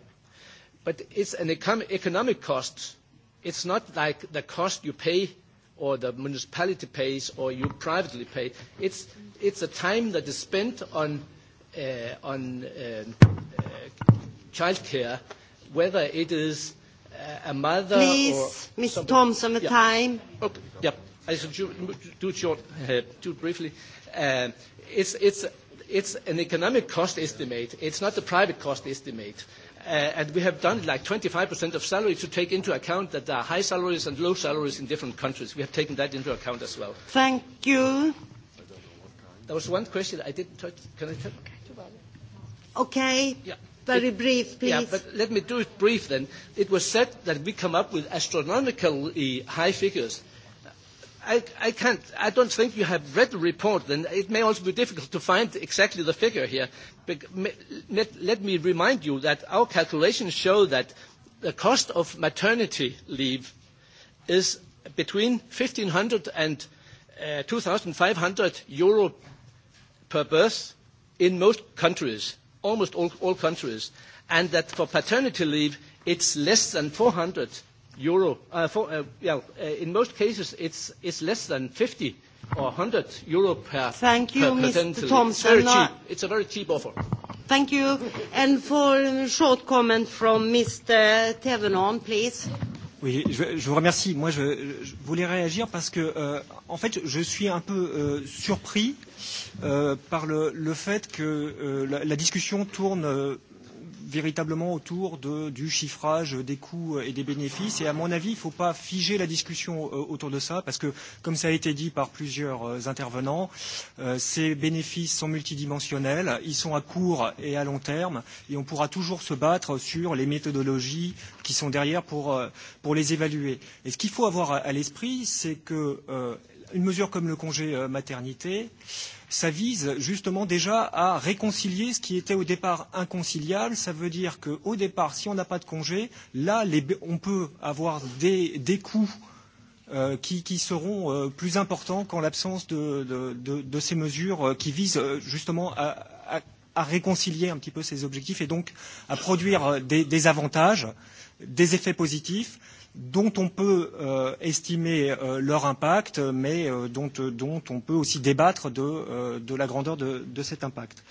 But it's an economic cost. It's not like the cost you pay or the municipality pays or you privately pay. It's, it's the time that is spent on, uh, on um, uh, childcare, whether it is a mother Please, Mr. Ms. Thompson, the time. Okay, yeah, I should do it short, do it briefly. it's, it's It's an economic cost estimate. It's not a private cost estimate. Uh, and we have done like 25% of salary to take into account that there are high salaries and low salaries in different countries. We have taken that into account as well. Thank you. There was one question I didn't touch. Can I touch? Okay. Yeah. Very brief, please. Yeah, but let me do it brief then. It was said that we come up with astronomically high figures. I, I, can't, I don't think you have read the report, and it may also be difficult to find exactly the figure here. But let, let me remind you that our calculations show that the cost of maternity leave is between 1,500 and uh, 2,500 euro per birth in most countries, almost all, all countries, and that for paternity leave, it's less than 400 euro. Uh, for, uh, yeah, uh, in most cases, it's, it's less than 50 or 100 euro per Thank you, per Mr. Thompson. It's very cheap. It's a very cheap offer. Thank you. And for a short comment from Mr. Tevenon, please. Oui, je, je vous remercie. Moi, je, je voulais réagir parce que, euh, en fait, je suis un peu euh, surpris euh, par le, le fait que euh, la, la discussion tourne euh, véritablement autour de, du chiffrage des coûts et des bénéfices. Et à mon avis, il ne faut pas figer la discussion euh, autour de ça, parce que, comme ça a été dit par plusieurs euh, intervenants, euh, ces bénéfices sont multidimensionnels, ils sont à court et à long terme, et on pourra toujours se battre sur les méthodologies qui sont derrière pour, pour les évaluer. Et ce qu'il faut avoir à, l'esprit, c'est qu'une mesure comme le congé maternité, euh, ça vise justement déjà à réconcilier ce qui était au départ inconciliable. Ça veut dire qu'au départ, si on n'a pas de congé, là, les, on peut avoir des, des coûts euh, qui, qui seront euh, plus importants qu'en l'absence de, de, de, de ces mesures euh, qui visent euh, justement à, à, à réconcilier un petit peu ces objectifs et donc à produire euh, des, des avantages, des effets positifs dont on peut euh, estimer euh, leur impact, mais euh, dont, euh, dont on peut aussi débattre de, euh, de la grandeur de, de cet impact.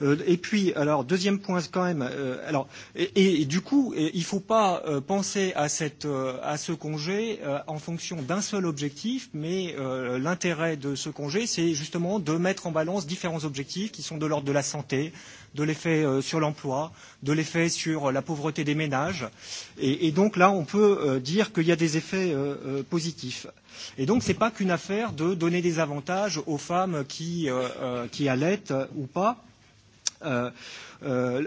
Euh, et puis, alors, deuxième point quand même, euh, alors, et, et, et du coup, et, il ne faut pas euh, penser à, cette, euh, à ce congé euh, en fonction d'un seul objectif, mais euh, l'intérêt de ce congé, c'est justement de mettre en balance différents objectifs qui sont de l'ordre de la santé, de l'effet euh, sur l'emploi, de l'effet sur la pauvreté des ménages. Et, et donc là, on peut euh, dire qu'il y a des effets euh, euh positifs. Et donc, ce n'est pas qu'une affaire de donner des avantages aux femmes qui, euh, euh, qui allaitent ou pas. Euh, euh,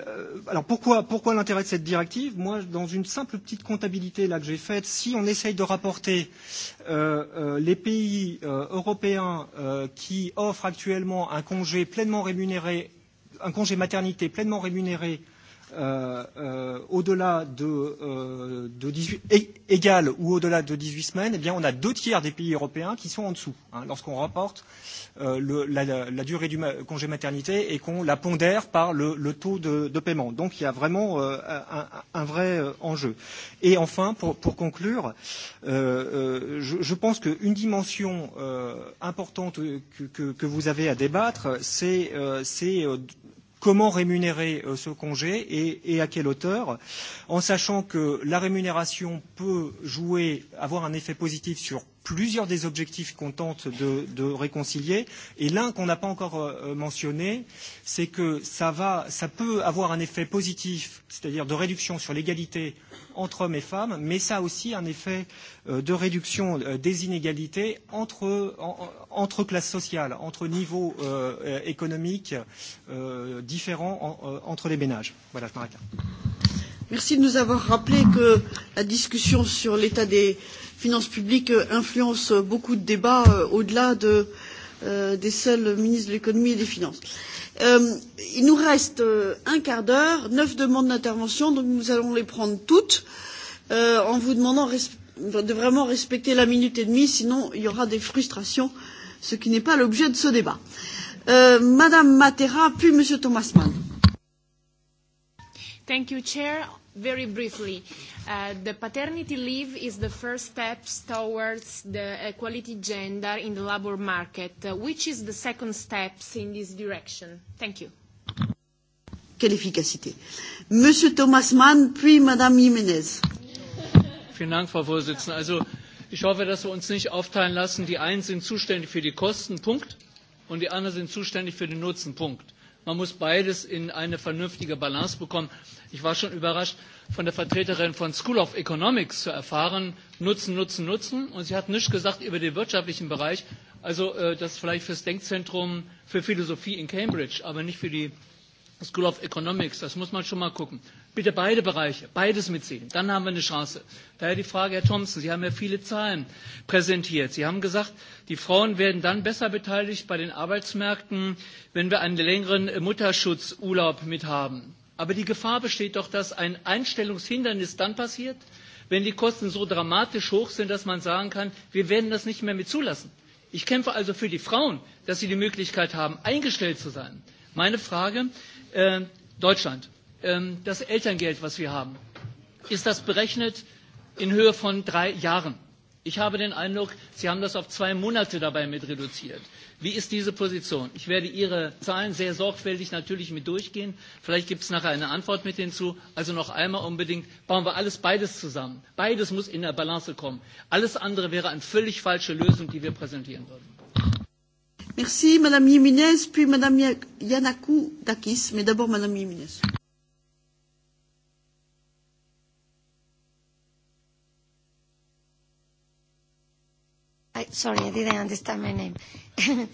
alors pourquoi, pourquoi l'intérêt de cette directive Moi, dans une simple petite comptabilité là que j'ai faite, si on essaye de rapporter euh, euh, les pays euh, européens euh, qui offrent actuellement un congé pleinement rémunéré, un congé maternité pleinement rémunéré euh, Euh, euh, au-delà de, euh, de 18, égal ou au-delà de 18 semaines, eh bien, on a deux tiers des pays européens qui sont en dessous. Hein, Lorsqu'on rapporte euh, le, la, la durée du ma congé maternité et qu'on la pondère par le, le taux de, de paiement. Donc, il y a vraiment euh, un, un vrai euh, enjeu. Et enfin, pour, pour conclure, euh, euh, je, je pense qu'une dimension euh, importante que, que, que vous avez à débattre, c'est euh, euh comment rémunérer euh, ce congé et, et à quelle hauteur, en sachant que la rémunération peut jouer, avoir un effet positif sur plusieurs des objectifs qu'on tente de, de réconcilier. Et l'un qu'on n'a pas encore euh, mentionné, c'est que ça, va, ça peut avoir un effet positif, c'est-à-dire de réduction sur l'égalité entre hommes et femmes, mais ça a aussi un effet euh, de réduction euh, des inégalités entre, en, entre classes sociales, entre niveaux euh, économiques euh, différents en, entre les ménages. Voilà, je m'arrête là merci de nous avoir rappelé que la discussion sur l'état des finances publiques euh, influence beaucoup de débats euh, au delà de, euh, des seuls ministres de l'économie et des finances. Euh, il nous reste euh, un quart d'heure neuf demandes d'intervention donc nous allons les prendre toutes euh, en vous demandant de vraiment respecter la minute et demie sinon il y aura des frustrations ce qui n'est pas l'objet de ce débat. Madame Matera puis Monsieur Thomasman. Thank you, Chair very briefly, uh, the paternity leave is the first step towards the equality gender in the labour market. Uh, which is the second step in this direction? Thank you. Quelle efficacité. Monsieur Thomas Mann, puis Madame Jiménez. Vielen Dank, Frau Vorsitzende. Also, ich hoffe, dass wir uns nicht aufteilen lassen. Die einen sind zuständig für die Kosten, Punkt. Und die anderen sind zuständig für den Nutzen, Punkt. Man muss beides in eine vernünftige Balance bekommen. Ich war schon überrascht, von der Vertreterin von School of Economics zu erfahren, Nutzen, Nutzen, Nutzen. Und sie hat nichts gesagt über den wirtschaftlichen Bereich. Also äh, das vielleicht für das Denkzentrum für Philosophie in Cambridge, aber nicht für die School of Economics. Das muss man schon mal gucken. Bitte beide Bereiche, beides mitziehen. Dann haben wir eine Chance. Daher die Frage, Herr Thompson, Sie haben ja viele Zahlen präsentiert. Sie haben gesagt, die Frauen werden dann besser beteiligt bei den Arbeitsmärkten, wenn wir einen längeren Mutterschutzurlaub mit haben. Aber die Gefahr besteht doch, dass ein Einstellungshindernis dann passiert, wenn die Kosten so dramatisch hoch sind, dass man sagen kann, wir werden das nicht mehr mit zulassen. Ich kämpfe also für die Frauen, dass sie die Möglichkeit haben, eingestellt zu sein. Meine Frage, äh, Deutschland. Ähm, das Elterngeld, was wir haben, ist das berechnet in Höhe von drei Jahren. Ich habe den Eindruck, Sie haben das auf zwei Monate dabei mit reduziert. Wie ist diese Position? Ich werde Ihre Zahlen sehr sorgfältig natürlich mit durchgehen. Vielleicht gibt es nachher eine Antwort mit hinzu. Also noch einmal unbedingt, bauen wir alles beides zusammen. Beides muss in der Balance kommen. Alles andere wäre eine völlig falsche Lösung, die wir präsentieren würden. Merci, Madame Jiménez, puis Madame Yannakou Dakis, mais d'abord Madame Jiménez. sorry, I didn't understand my name. <laughs> uh,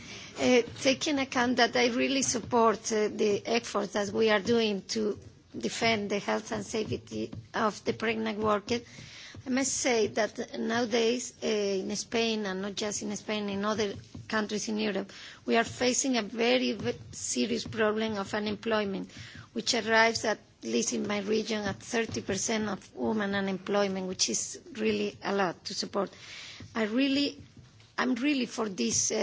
taking account that I really support uh, the efforts that we are doing to defend the health and safety of the pregnant workers, I must say that nowadays uh, in Spain, and not just in Spain, in other countries in Europe, we are facing a very, very serious problem of unemployment, which arrives at least in my region at 30% of women unemployment, which is really a lot to support. I really I'm really for this, uh,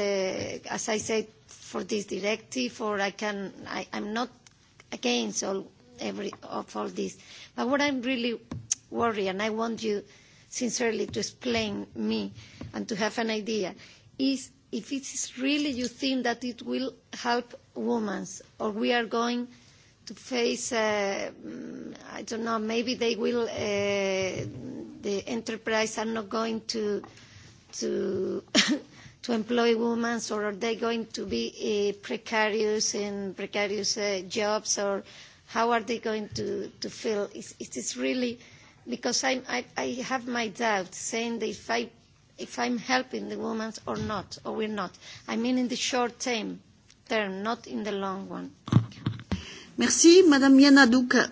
as I said, for this directive, or I can, I, I'm not against all, every, of all this. But what I'm really worried, and I want you sincerely to explain me and to have an idea, is if it is really you think that it will help women, or we are going to face, uh, mm, I don't know, maybe they will, uh, the enterprise are not going to, to, <coughs> to employ women, or are they going to be uh, precarious in precarious uh, jobs, or how are they going to, to feel? It, it is really because I'm, I, I have my doubts saying that if, I, if I'm helping the women or not, or we're not. I mean in the short term, term not in the long one. Merci, Madame Yana Duka.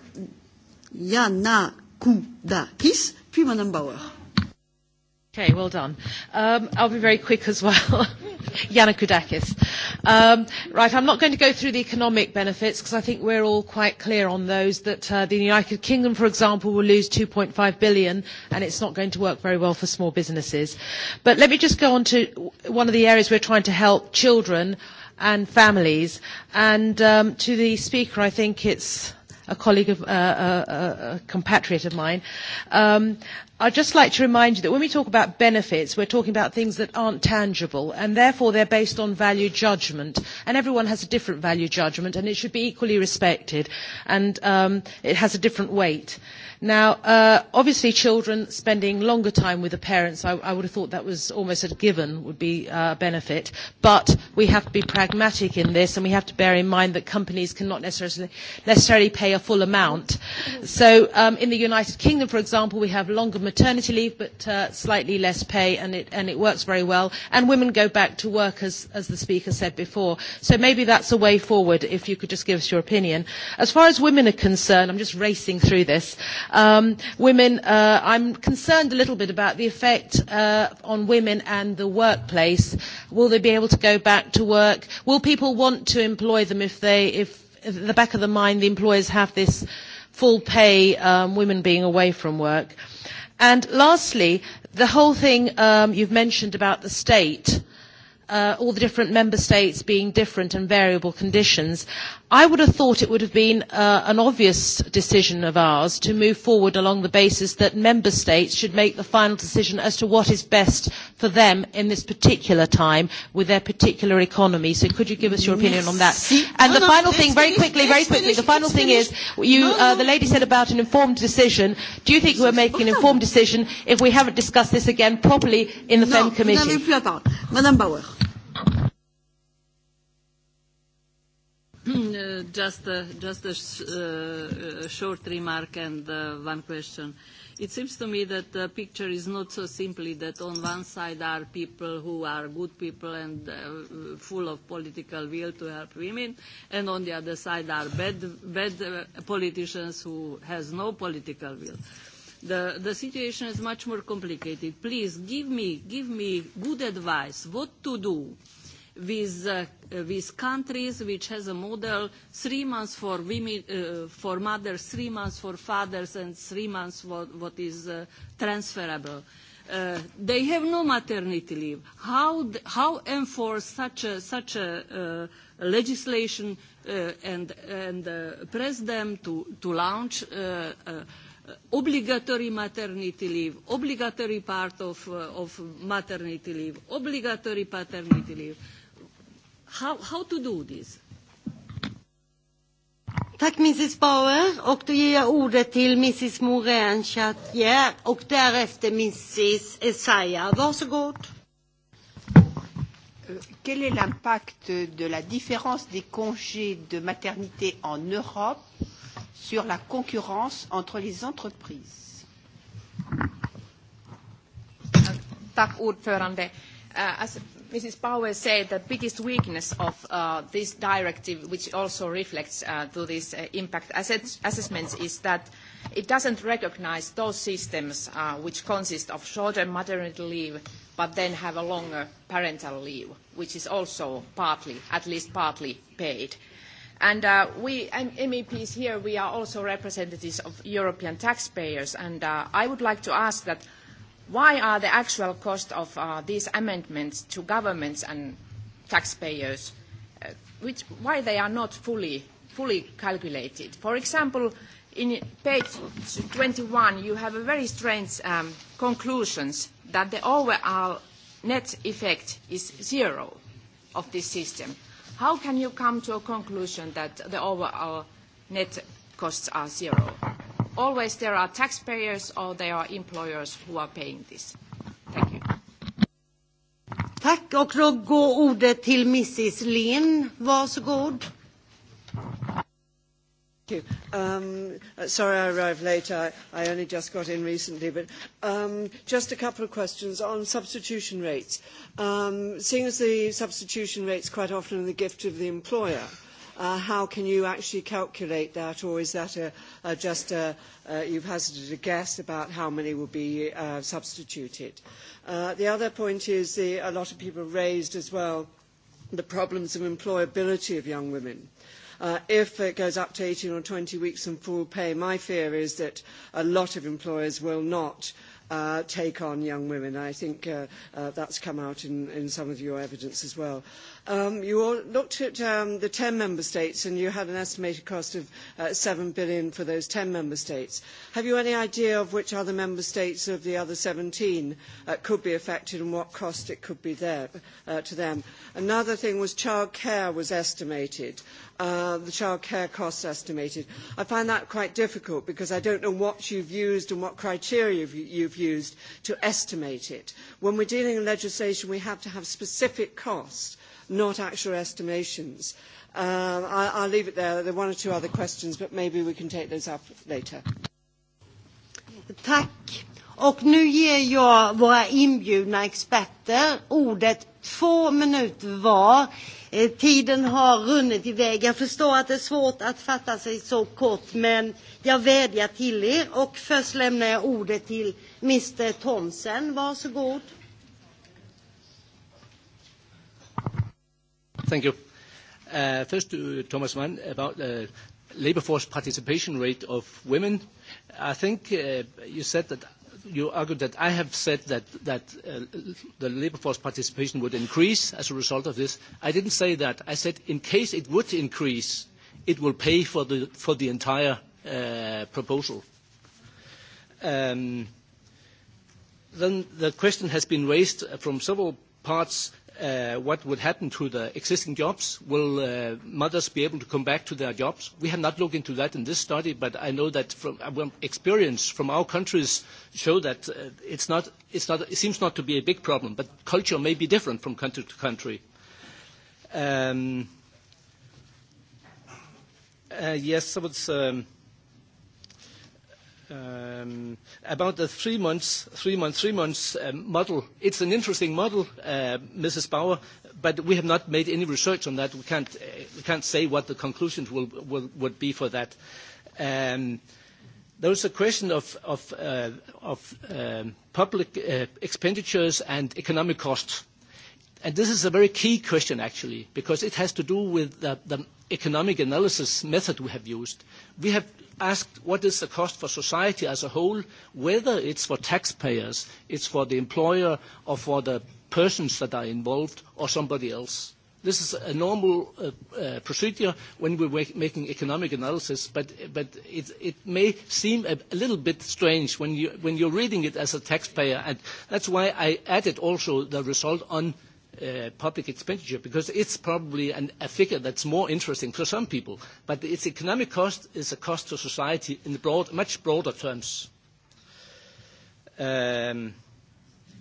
Yana puis Madame Bauer. Okay, well done. Um, I'll be very quick as well. Yana <laughs> Kudakis. Um, right, I'm not going to go through the economic benefits because I think we're all quite clear on those that uh, the United Kingdom, for example, will lose 2.5 billion and it's not going to work very well for small businesses. But let me just go on to one of the areas we're trying to help children and families. And um, to the speaker, I think it's a colleague of uh, a, a compatriot of mine. Um, I'd just like to remind you that when we talk about benefits, we're talking about things that aren't tangible, and therefore they're based on value judgment. And everyone has a different value judgment, and it should be equally respected, and um, it has a different weight. Uh, Now, uh, obviously, children spending longer time with the parents, I, I would have thought that was almost a given, would be uh, a uh, benefit. But we have to be pragmatic in this, and we have to bear in mind that companies cannot necessarily, necessarily pay a full amount. So um, in the United Kingdom, for example, we have longer maternity leave, but uh, slightly less pay, and it, and it works very well. And women go back to work, as, as the speaker said before. So maybe that's a way forward, if you could just give us your opinion. As far as women are concerned, I'm just racing through this. Um, women, uh, I'm concerned a little bit about the effect uh, on women and the workplace. Will they be able to go back to work? Will people want to employ them if they, if, at the back of the mind the employers have this full pay, um, women being away from work? And lastly, the whole thing um, you've mentioned about the state, uh, all the different member states being different and variable conditions. I would have thought it would have been uh, an obvious decision of ours to move forward along the basis that member states should make the final decision as to what is best for them in this particular time with their particular economy. So could you give us your opinion on that? And no, the final no, thing, very quickly, very quickly, finish, the final thing is, you, no, uh, the lady said about an informed decision. Do you think we're making an informed decision if we haven't discussed this again properly in the FEM committee? Madame Bauer. <coughs> Uh, just a, just a, sh uh, short remark and uh, one question. It seems to me that the picture is not so simply that on one side are people who are good people and uh, full of political will to help women, and on the other side are bad, bad uh, politicians who has no political will. The, the situation is much more complicated. Please give me, give me good advice what to do with, uh, with countries which has a model three months for women, uh, for mothers, three months for fathers, and three months what, what is uh, transferable. Uh, they have no maternity leave. How, how enforce such a, such a uh, legislation uh, and, and uh, press them to, to launch uh, uh, obligatory maternity leave, obligatory part of, uh, of maternity leave, obligatory paternity leave? How, how to do this? Tack Mrs Bauer och då ger jag ordet till Mrs Moran Chartier och därefter Mrs Essaya. Varsågod. Quel est l'impact de la différence des congés de maternité en Europe sur la concurrence entre les entreprises Tack ordförande. Eh, As Mrs. Bauer said the biggest weakness of uh, this directive, which also reflects uh, to uh, impact assessments, is that it doesn't recognize those systems uh, which consist of shorter maternity leave but then have a longer parental leave, which is also partly, at least partly, paid. And uh, we MEPs here, we are also representatives of European taxpayers, and uh, I would like to ask that why are the actual cost of uh, these amendments to governments and taxpayers, uh, which, why they are not fully, fully calculated? For example, in page 21, you have a very strange um, conclusions that the overall net effect is zero of this system. How can you come to a conclusion that the overall net costs are zero? always there are taxpayers or there are employers who are paying this. Thank you. Tack. Och då går ordet till Mrs. Lin. Varsågod. Thank you. Um, sorry I arrived late. I, I only just got in recently. But um, just a couple of questions on substitution rates. Um, seeing as the substitution rate's quite often the gift of the employer, Uh, how can you actually calculate that, or is that a, a just a, uh, you've hazarded a guess about how many will be uh, substituted? Uh, the other point is the, a lot of people raised as well the problems of employability of young women. Uh, if it goes up to 18 or 20 weeks in full pay, my fear is that a lot of employers will not uh, take on young women. I think uh, uh, that's come out in, in some of your evidence as well. Um, you all looked at um, the 10 member states and you had an estimated cost of uh, 7 billion for those 10 member states. Have you any idea of which other member states of the other 17 uh, could be affected and what cost it could be there uh, to them? Another thing was childcare was estimated. Uh, the childcare costs estimated. I find that quite difficult because I don't know what you've used and what criteria you've used to estimate it. When we're dealing in legislation, we have to have specific costs not actual estimations. Uh, I, I'll leave it there. There are one or two other questions, but maybe we can take those up later. Tack. Och nu ger jag våra inbjudna experter ordet två minuter var. Eh, tiden har runnit iväg. Jag förstår att det är svårt att fatta sig så kort, men jag vädjar till er. Och först lämnar jag ordet till Mr Thomsen. Varsågod. Thank you. Uh, first to uh, Thomas Mann about the labor force participation rate of women. I think uh, you said that you argued that I have said that, that the labor force participation would increase as a result of this. I didn't say that. I said in case it would increase, it will pay for the, for the entire proposal. Um, then the question has been raised from several parts Uh, what would happen to the existing jobs? Will uh, mothers be able to come back to their jobs? We have not looked into that in this study, but I know that from uh, experience from our countries show that uh, it's not, it's not, it seems not to be a big problem, but culture may be different from country to country. Um, uh, yes, I was um, Um, about the three months, three months, three months um, model, it's an interesting model, uh, Mrs. Bauer, but we have not made any research on that. We can't, uh, we can't say what the conclusions will, will, would be for that. Um, there is a question of, of, uh, of um, public uh, expenditures and economic costs And this is a very key question, actually, because it has to do with the, the economic analysis method we have used. We have asked what is the cost for society as a whole, whether it's for taxpayers, it's for the employer, or for the persons that are involved, or somebody else. This is a normal uh, uh, procedure when we're making economic analysis, but, but it, it may seem a, a little bit strange when, you, when you're reading it as a taxpayer, and that's why I added also the result on Uh, public expenditure because it's probably an, a figure that's more interesting for some people. But its economic cost is a cost to society in broad, much broader terms. Um,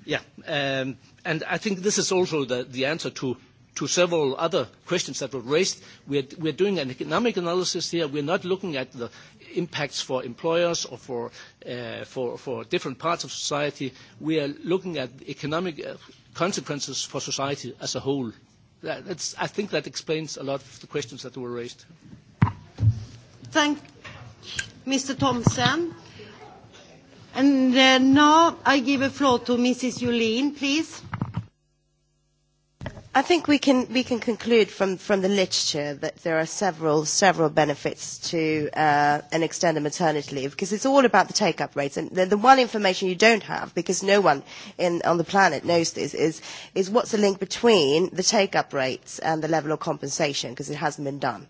yeah, um, and I think this is also the, the answer to, to several other questions that were raised. We're, we're doing an economic analysis here. We're not looking at the impacts for employers or for, uh, for, for different parts of society. We are looking at economic uh, consequences for society as a whole. That, that's, I think that explains a lot of the questions that were raised. Thank Mr. Thompson. And uh, now I give the floor to Mrs. Yulin, please. I think we can, we can conclude from, from the literature that there are several, several benefits to uh, an extended maternity leave because it's all about the take-up rates. And the, the one information you don't have, because no one in, on the planet knows this, is, is what's the link between the take-up rates and the level of compensation because it hasn't been done.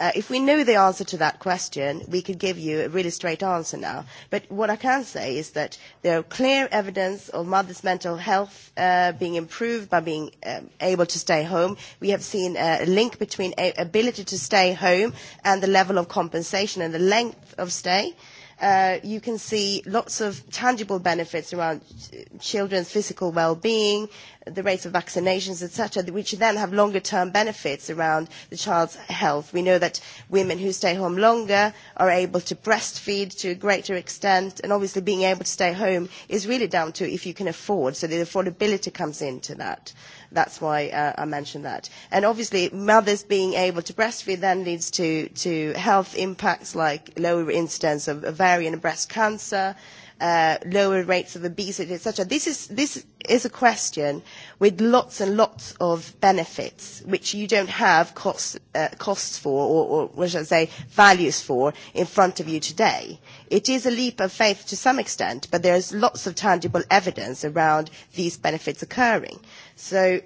Uh, if we knew the answer to that question, we could give you a really straight answer now. But what I can say is that there are clear evidence of mother's mental health uh, being improved by being um, able able to stay home. We have seen a link between a ability to stay home and the level of compensation and the length of stay. Uh, you can see lots of tangible benefits around children's physical well-being, the rates of vaccinations, etc., which then have longer-term benefits around the child's health. We know that women who stay home longer are able to breastfeed to a greater extent, and obviously being able to stay home is really down to if you can afford, so the affordability comes into that. That's why uh, I mentioned that. And obviously, mothers being able to breastfeed then leads to, to health impacts like lower incidence of ovarian and breast cancer, Uh, lower rates of obesity, etc. This is, this is a question with lots and lots of benefits, which you don't have uh, costs for, or, or what should I say, values for, in front of you today. It is a leap of faith to some extent, but there is lots of tangible evidence around these benefits occurring. So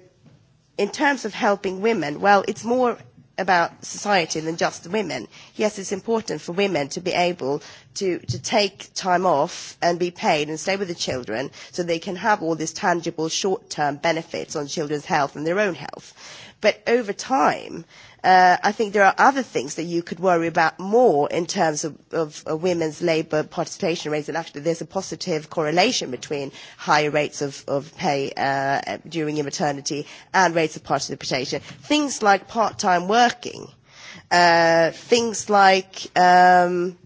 in terms of helping women, well, it's more about society than just women. Yes, it's important for women to be able to, to take time off and be paid and stay with the children so they can have all these tangible short-term benefits on children's health and their own health. But over time, Uh, I think there are other things that you could worry about more in terms of, of, women's labour participation rates, and actually there's a positive correlation between higher rates of, of pay uh, during maternity and rates of participation. Things like part-time working, uh, things like um,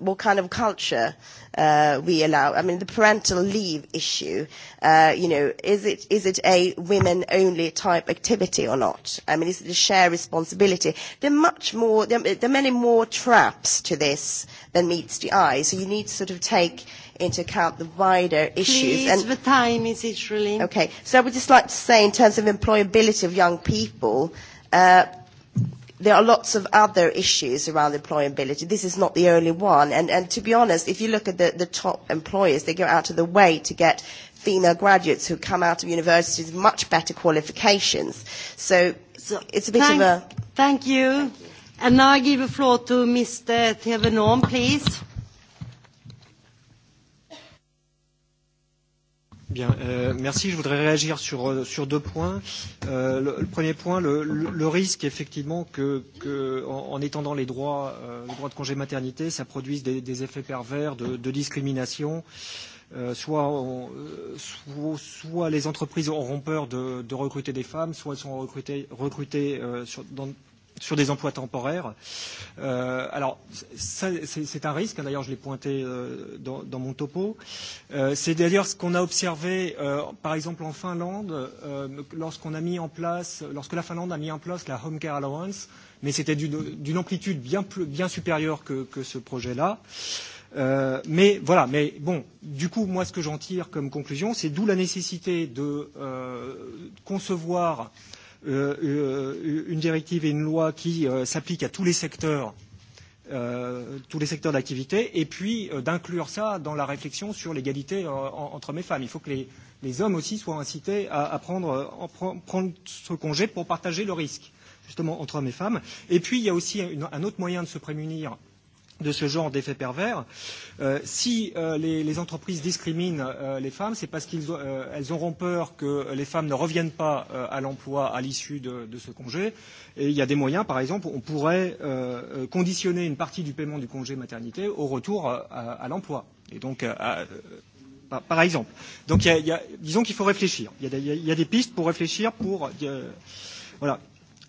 what kind of culture, uh, uh, we allow. I mean, the parental leave issue, uh, you know, is it, is it a women-only type activity or not? I mean, is it a shared responsibility? There are much more, there, there are many more traps to this than meets the eye, so you need to sort of take into account the wider issues. Please, and, the time is it really? Okay, so I would just like to say in terms of employability of young people, uh, there are lots of other issues around employability. This is not the only one. And, and to be honest, if you look at the, the top employers, they go out of the way to get female graduates who come out of universities with much better qualifications. So, so it's a bit thank, of a... Thank you. thank you. And now I give the floor to Mr. Thevenon, please. Bien, euh, merci. Je voudrais réagir sur, euh, sur deux points. Euh, le, le premier point, le, le, le risque effectivement que, que en, en étendant les droits, euh, les droits de congé maternité, ça produise des, des effets pervers de, de discrimination. Euh, soit, on, euh, soit, soit les entreprises auront peur de, de recruter des femmes, soit elles sont recrutées, recrutées euh, sur, dans, sur des emplois temporaires. Euh, alors, ça, c'est un risque. D'ailleurs, je l'ai pointé euh, dans, dans mon topo. Euh, c'est d'ailleurs ce qu'on a observé, euh, par exemple, en Finlande, euh, lorsqu'on a mis en place, lorsque la Finlande a mis en place la Home Care Allowance, mais c'était d'une amplitude bien, plus, bien supérieure que, que ce projet-là. Euh, mais voilà, mais bon, du coup, moi, ce que j'en tire comme conclusion, c'est d'où la nécessité de euh, concevoir euh, Euh, euh, une directive et une loi qui euh, s'appliquent à tous les secteurs euh, tous les secteurs d'activité, et puis euh, d'inclure ça dans la réflexion sur l'égalité euh, en, entre hommes et femmes. Il faut que les, les hommes aussi soient incités à, à prendre, en, pre prendre ce congé pour partager le risque, justement, entre hommes et femmes. Et puis, il y a aussi une, un autre moyen de se prémunir de ce genre d'effet pervers. Euh, si euh, les, les entreprises discriminent euh, les femmes, c'est parce qu'elles euh, auront peur que les femmes ne reviennent pas euh, à l'emploi à l'issue de, de ce congé. Et il y a des moyens, par exemple, on pourrait euh, euh, conditionner une partie du paiement du congé maternité au retour euh, à, à l'emploi. Et donc, euh, à, euh, par, par exemple. Donc, y a, y a, disons qu'il faut réfléchir. Il y, y, y a des pistes pour réfléchir, pour euh, voilà,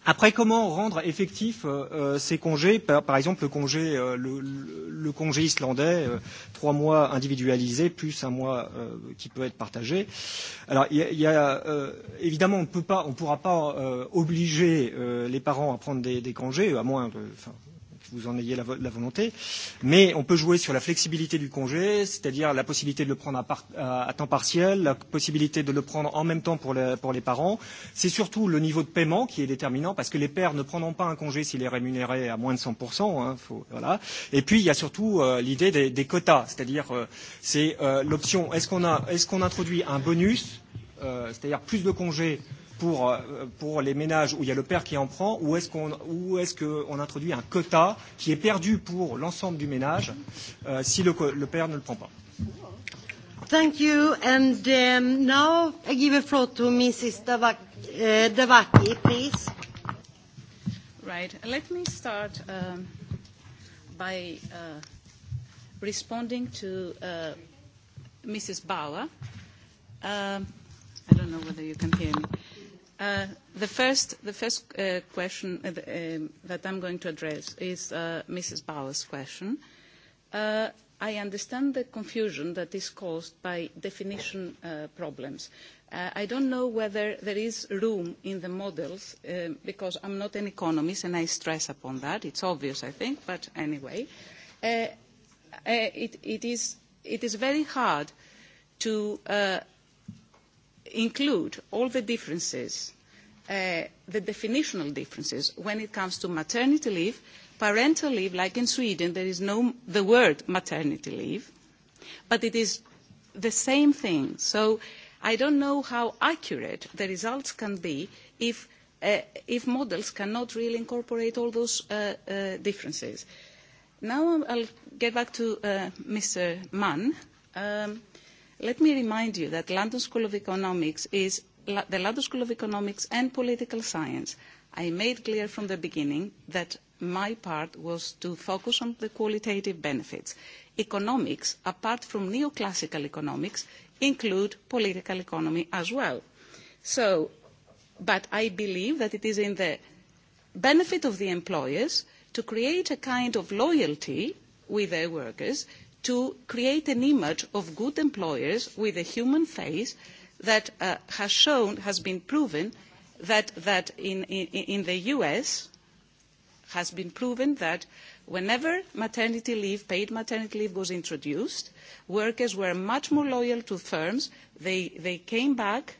Après, comment rendre effectif euh, euh, ces congés par, par exemple, le congé, euh, le, le congé islandais, euh, trois mois individualisés plus un mois euh, qui peut être partagé. Alors, y a, y a, euh, évidemment, on ne pourra pas euh, obliger euh, les parents à prendre des, des congés, à moins de, enfin, vous en ayez la, la volonté. Mais on peut jouer sur la flexibilité du congé, c'est-à-dire la possibilité de le prendre à, par, à, à temps partiel, la possibilité de le prendre en même temps pour, le, pour les parents. C'est surtout le niveau de paiement qui est déterminant parce que les pères ne prendront pas un congé s'il est rémunéré à moins de 100%. Hein, faut, voilà. Et puis il y a surtout euh, l'idée des, des quotas, c'est-à-dire euh, c'est euh, l'option est-ce qu'on est qu introduit un bonus, euh, c'est-à-dire plus de congés euh, pour, euh, pour les ménages où il y a le père qui en prend ou est-ce qu'on est qu introduit un quota qui est perdu pour l'ensemble du ménage euh, si le, le père ne le prend pas Thank you. And um, now I give the floor to Mrs. Uh, Davaki, uh, please. Right. Let me start um, by uh, responding to uh, Mrs. Bauer. Um, I don't know whether you can hear me. Uh, the first, the first uh, question uh, um, that I'm going to address is uh, Mrs. Bauer's question. Uh, I understand the confusion that is caused by definition uh, problems. Uh, I don't know whether there is room in the models, uh, because I'm not an economist and I stress upon that. It's obvious, I think, but anyway. Uh, uh it, it, is, it is very hard to uh, include all the differences, uh, the definitional differences when it comes to maternity leave, parental leave, like in Sweden, there is no the word maternity leave, but it is the same thing. So I don't know how accurate the results can be if, uh, if models cannot really incorporate all those uh, uh, differences. Now I'll get back to uh, Mr. Mann. Um, Let me remind you that London School of Economics is the London School of Economics and Political Science. I made clear from the beginning that my part was to focus on the qualitative benefits. Economics, apart from neoclassical economics, include political economy as well. So, but I believe that it is in the benefit of the employers to create a kind of loyalty with their workers to create an image of good employers with a human face that uh, has shown, has been proven that, that in, in, in the US has been proven that whenever maternity leave, paid maternity leave was introduced, workers were much more loyal to firms. They, they came back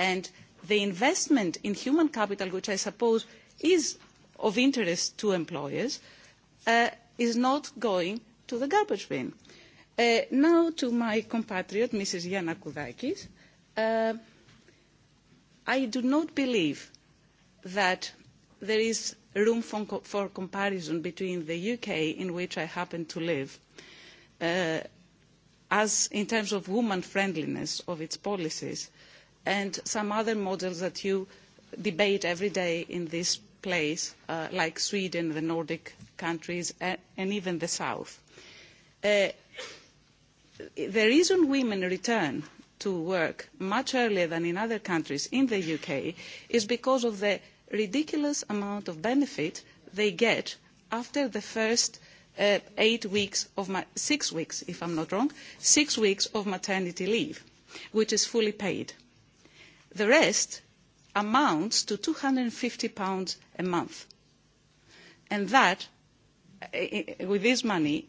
and the investment in human capital, which I suppose is of interest to employers, uh, is not going to the garbage bin. Uh, now to my compatriot, Mrs. Yana Koudakis. Uh, I do not believe that there is room for, for, comparison between the UK, in which I happen to live, uh, as in terms of woman friendliness of its policies, and some other models that you debate every day in this place, uh, like Sweden, the Nordic countries, and, and even the South. Uh, the reason women return to work much earlier than in other countries in the UK is because of the ridiculous amount of benefit they get after the first uh, eight weeks of six weeks, if I'm not wrong, six weeks of maternity leave, which is fully paid. The rest amounts to £250 a month. And that, uh, with this money,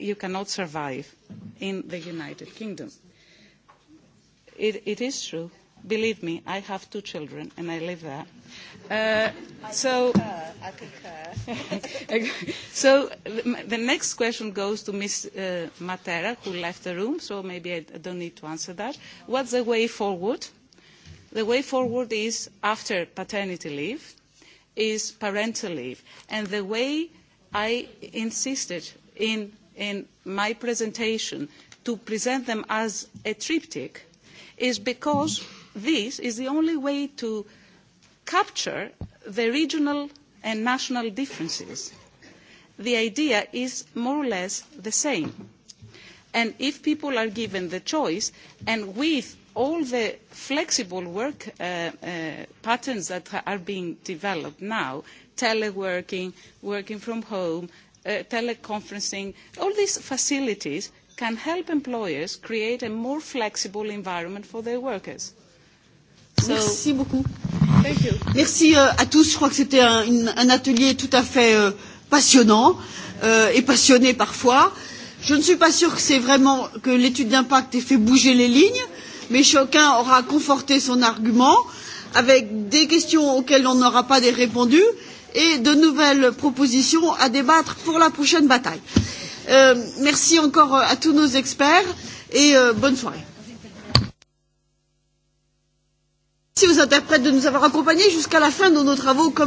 you cannot survive in the United Kingdom. It, it is true. Believe me, I have two children and I live there. Uh, so, concur. I concur. <laughs> so the, the next question goes to Ms. Uh, Matera, who left the room, so maybe I don't need to answer that. What's the way forward? The way forward is after paternity leave, is parental leave. And the way I insisted in in my presentation to present them as a triptych is because this is the only way to capture the regional and national differences. The idea is more or less the same. And if people are given the choice, and with all the flexible work uh, uh, patterns that are being developed now, teleworking, working from home, Uh, teleconferencing, all these facilities can help employers create a more flexible environment for their workers. So, Merci beaucoup. Thank you. Merci euh, à tous. Je crois que c'était un, un atelier tout à fait euh, passionnant euh, et passionné parfois. Je ne suis pas sûre que c'est vraiment que l'étude d'impact ait fait bouger les lignes, mais chacun aura conforté son argument avec des questions auxquelles on n'aura pas des et de nouvelles propositions à débattre pour la prochaine bataille. Euh, merci encore à tous nos experts et euh, bonne soirée. Merci aux interprètes de nous avoir accompagnés jusqu'à la fin de nos travaux comme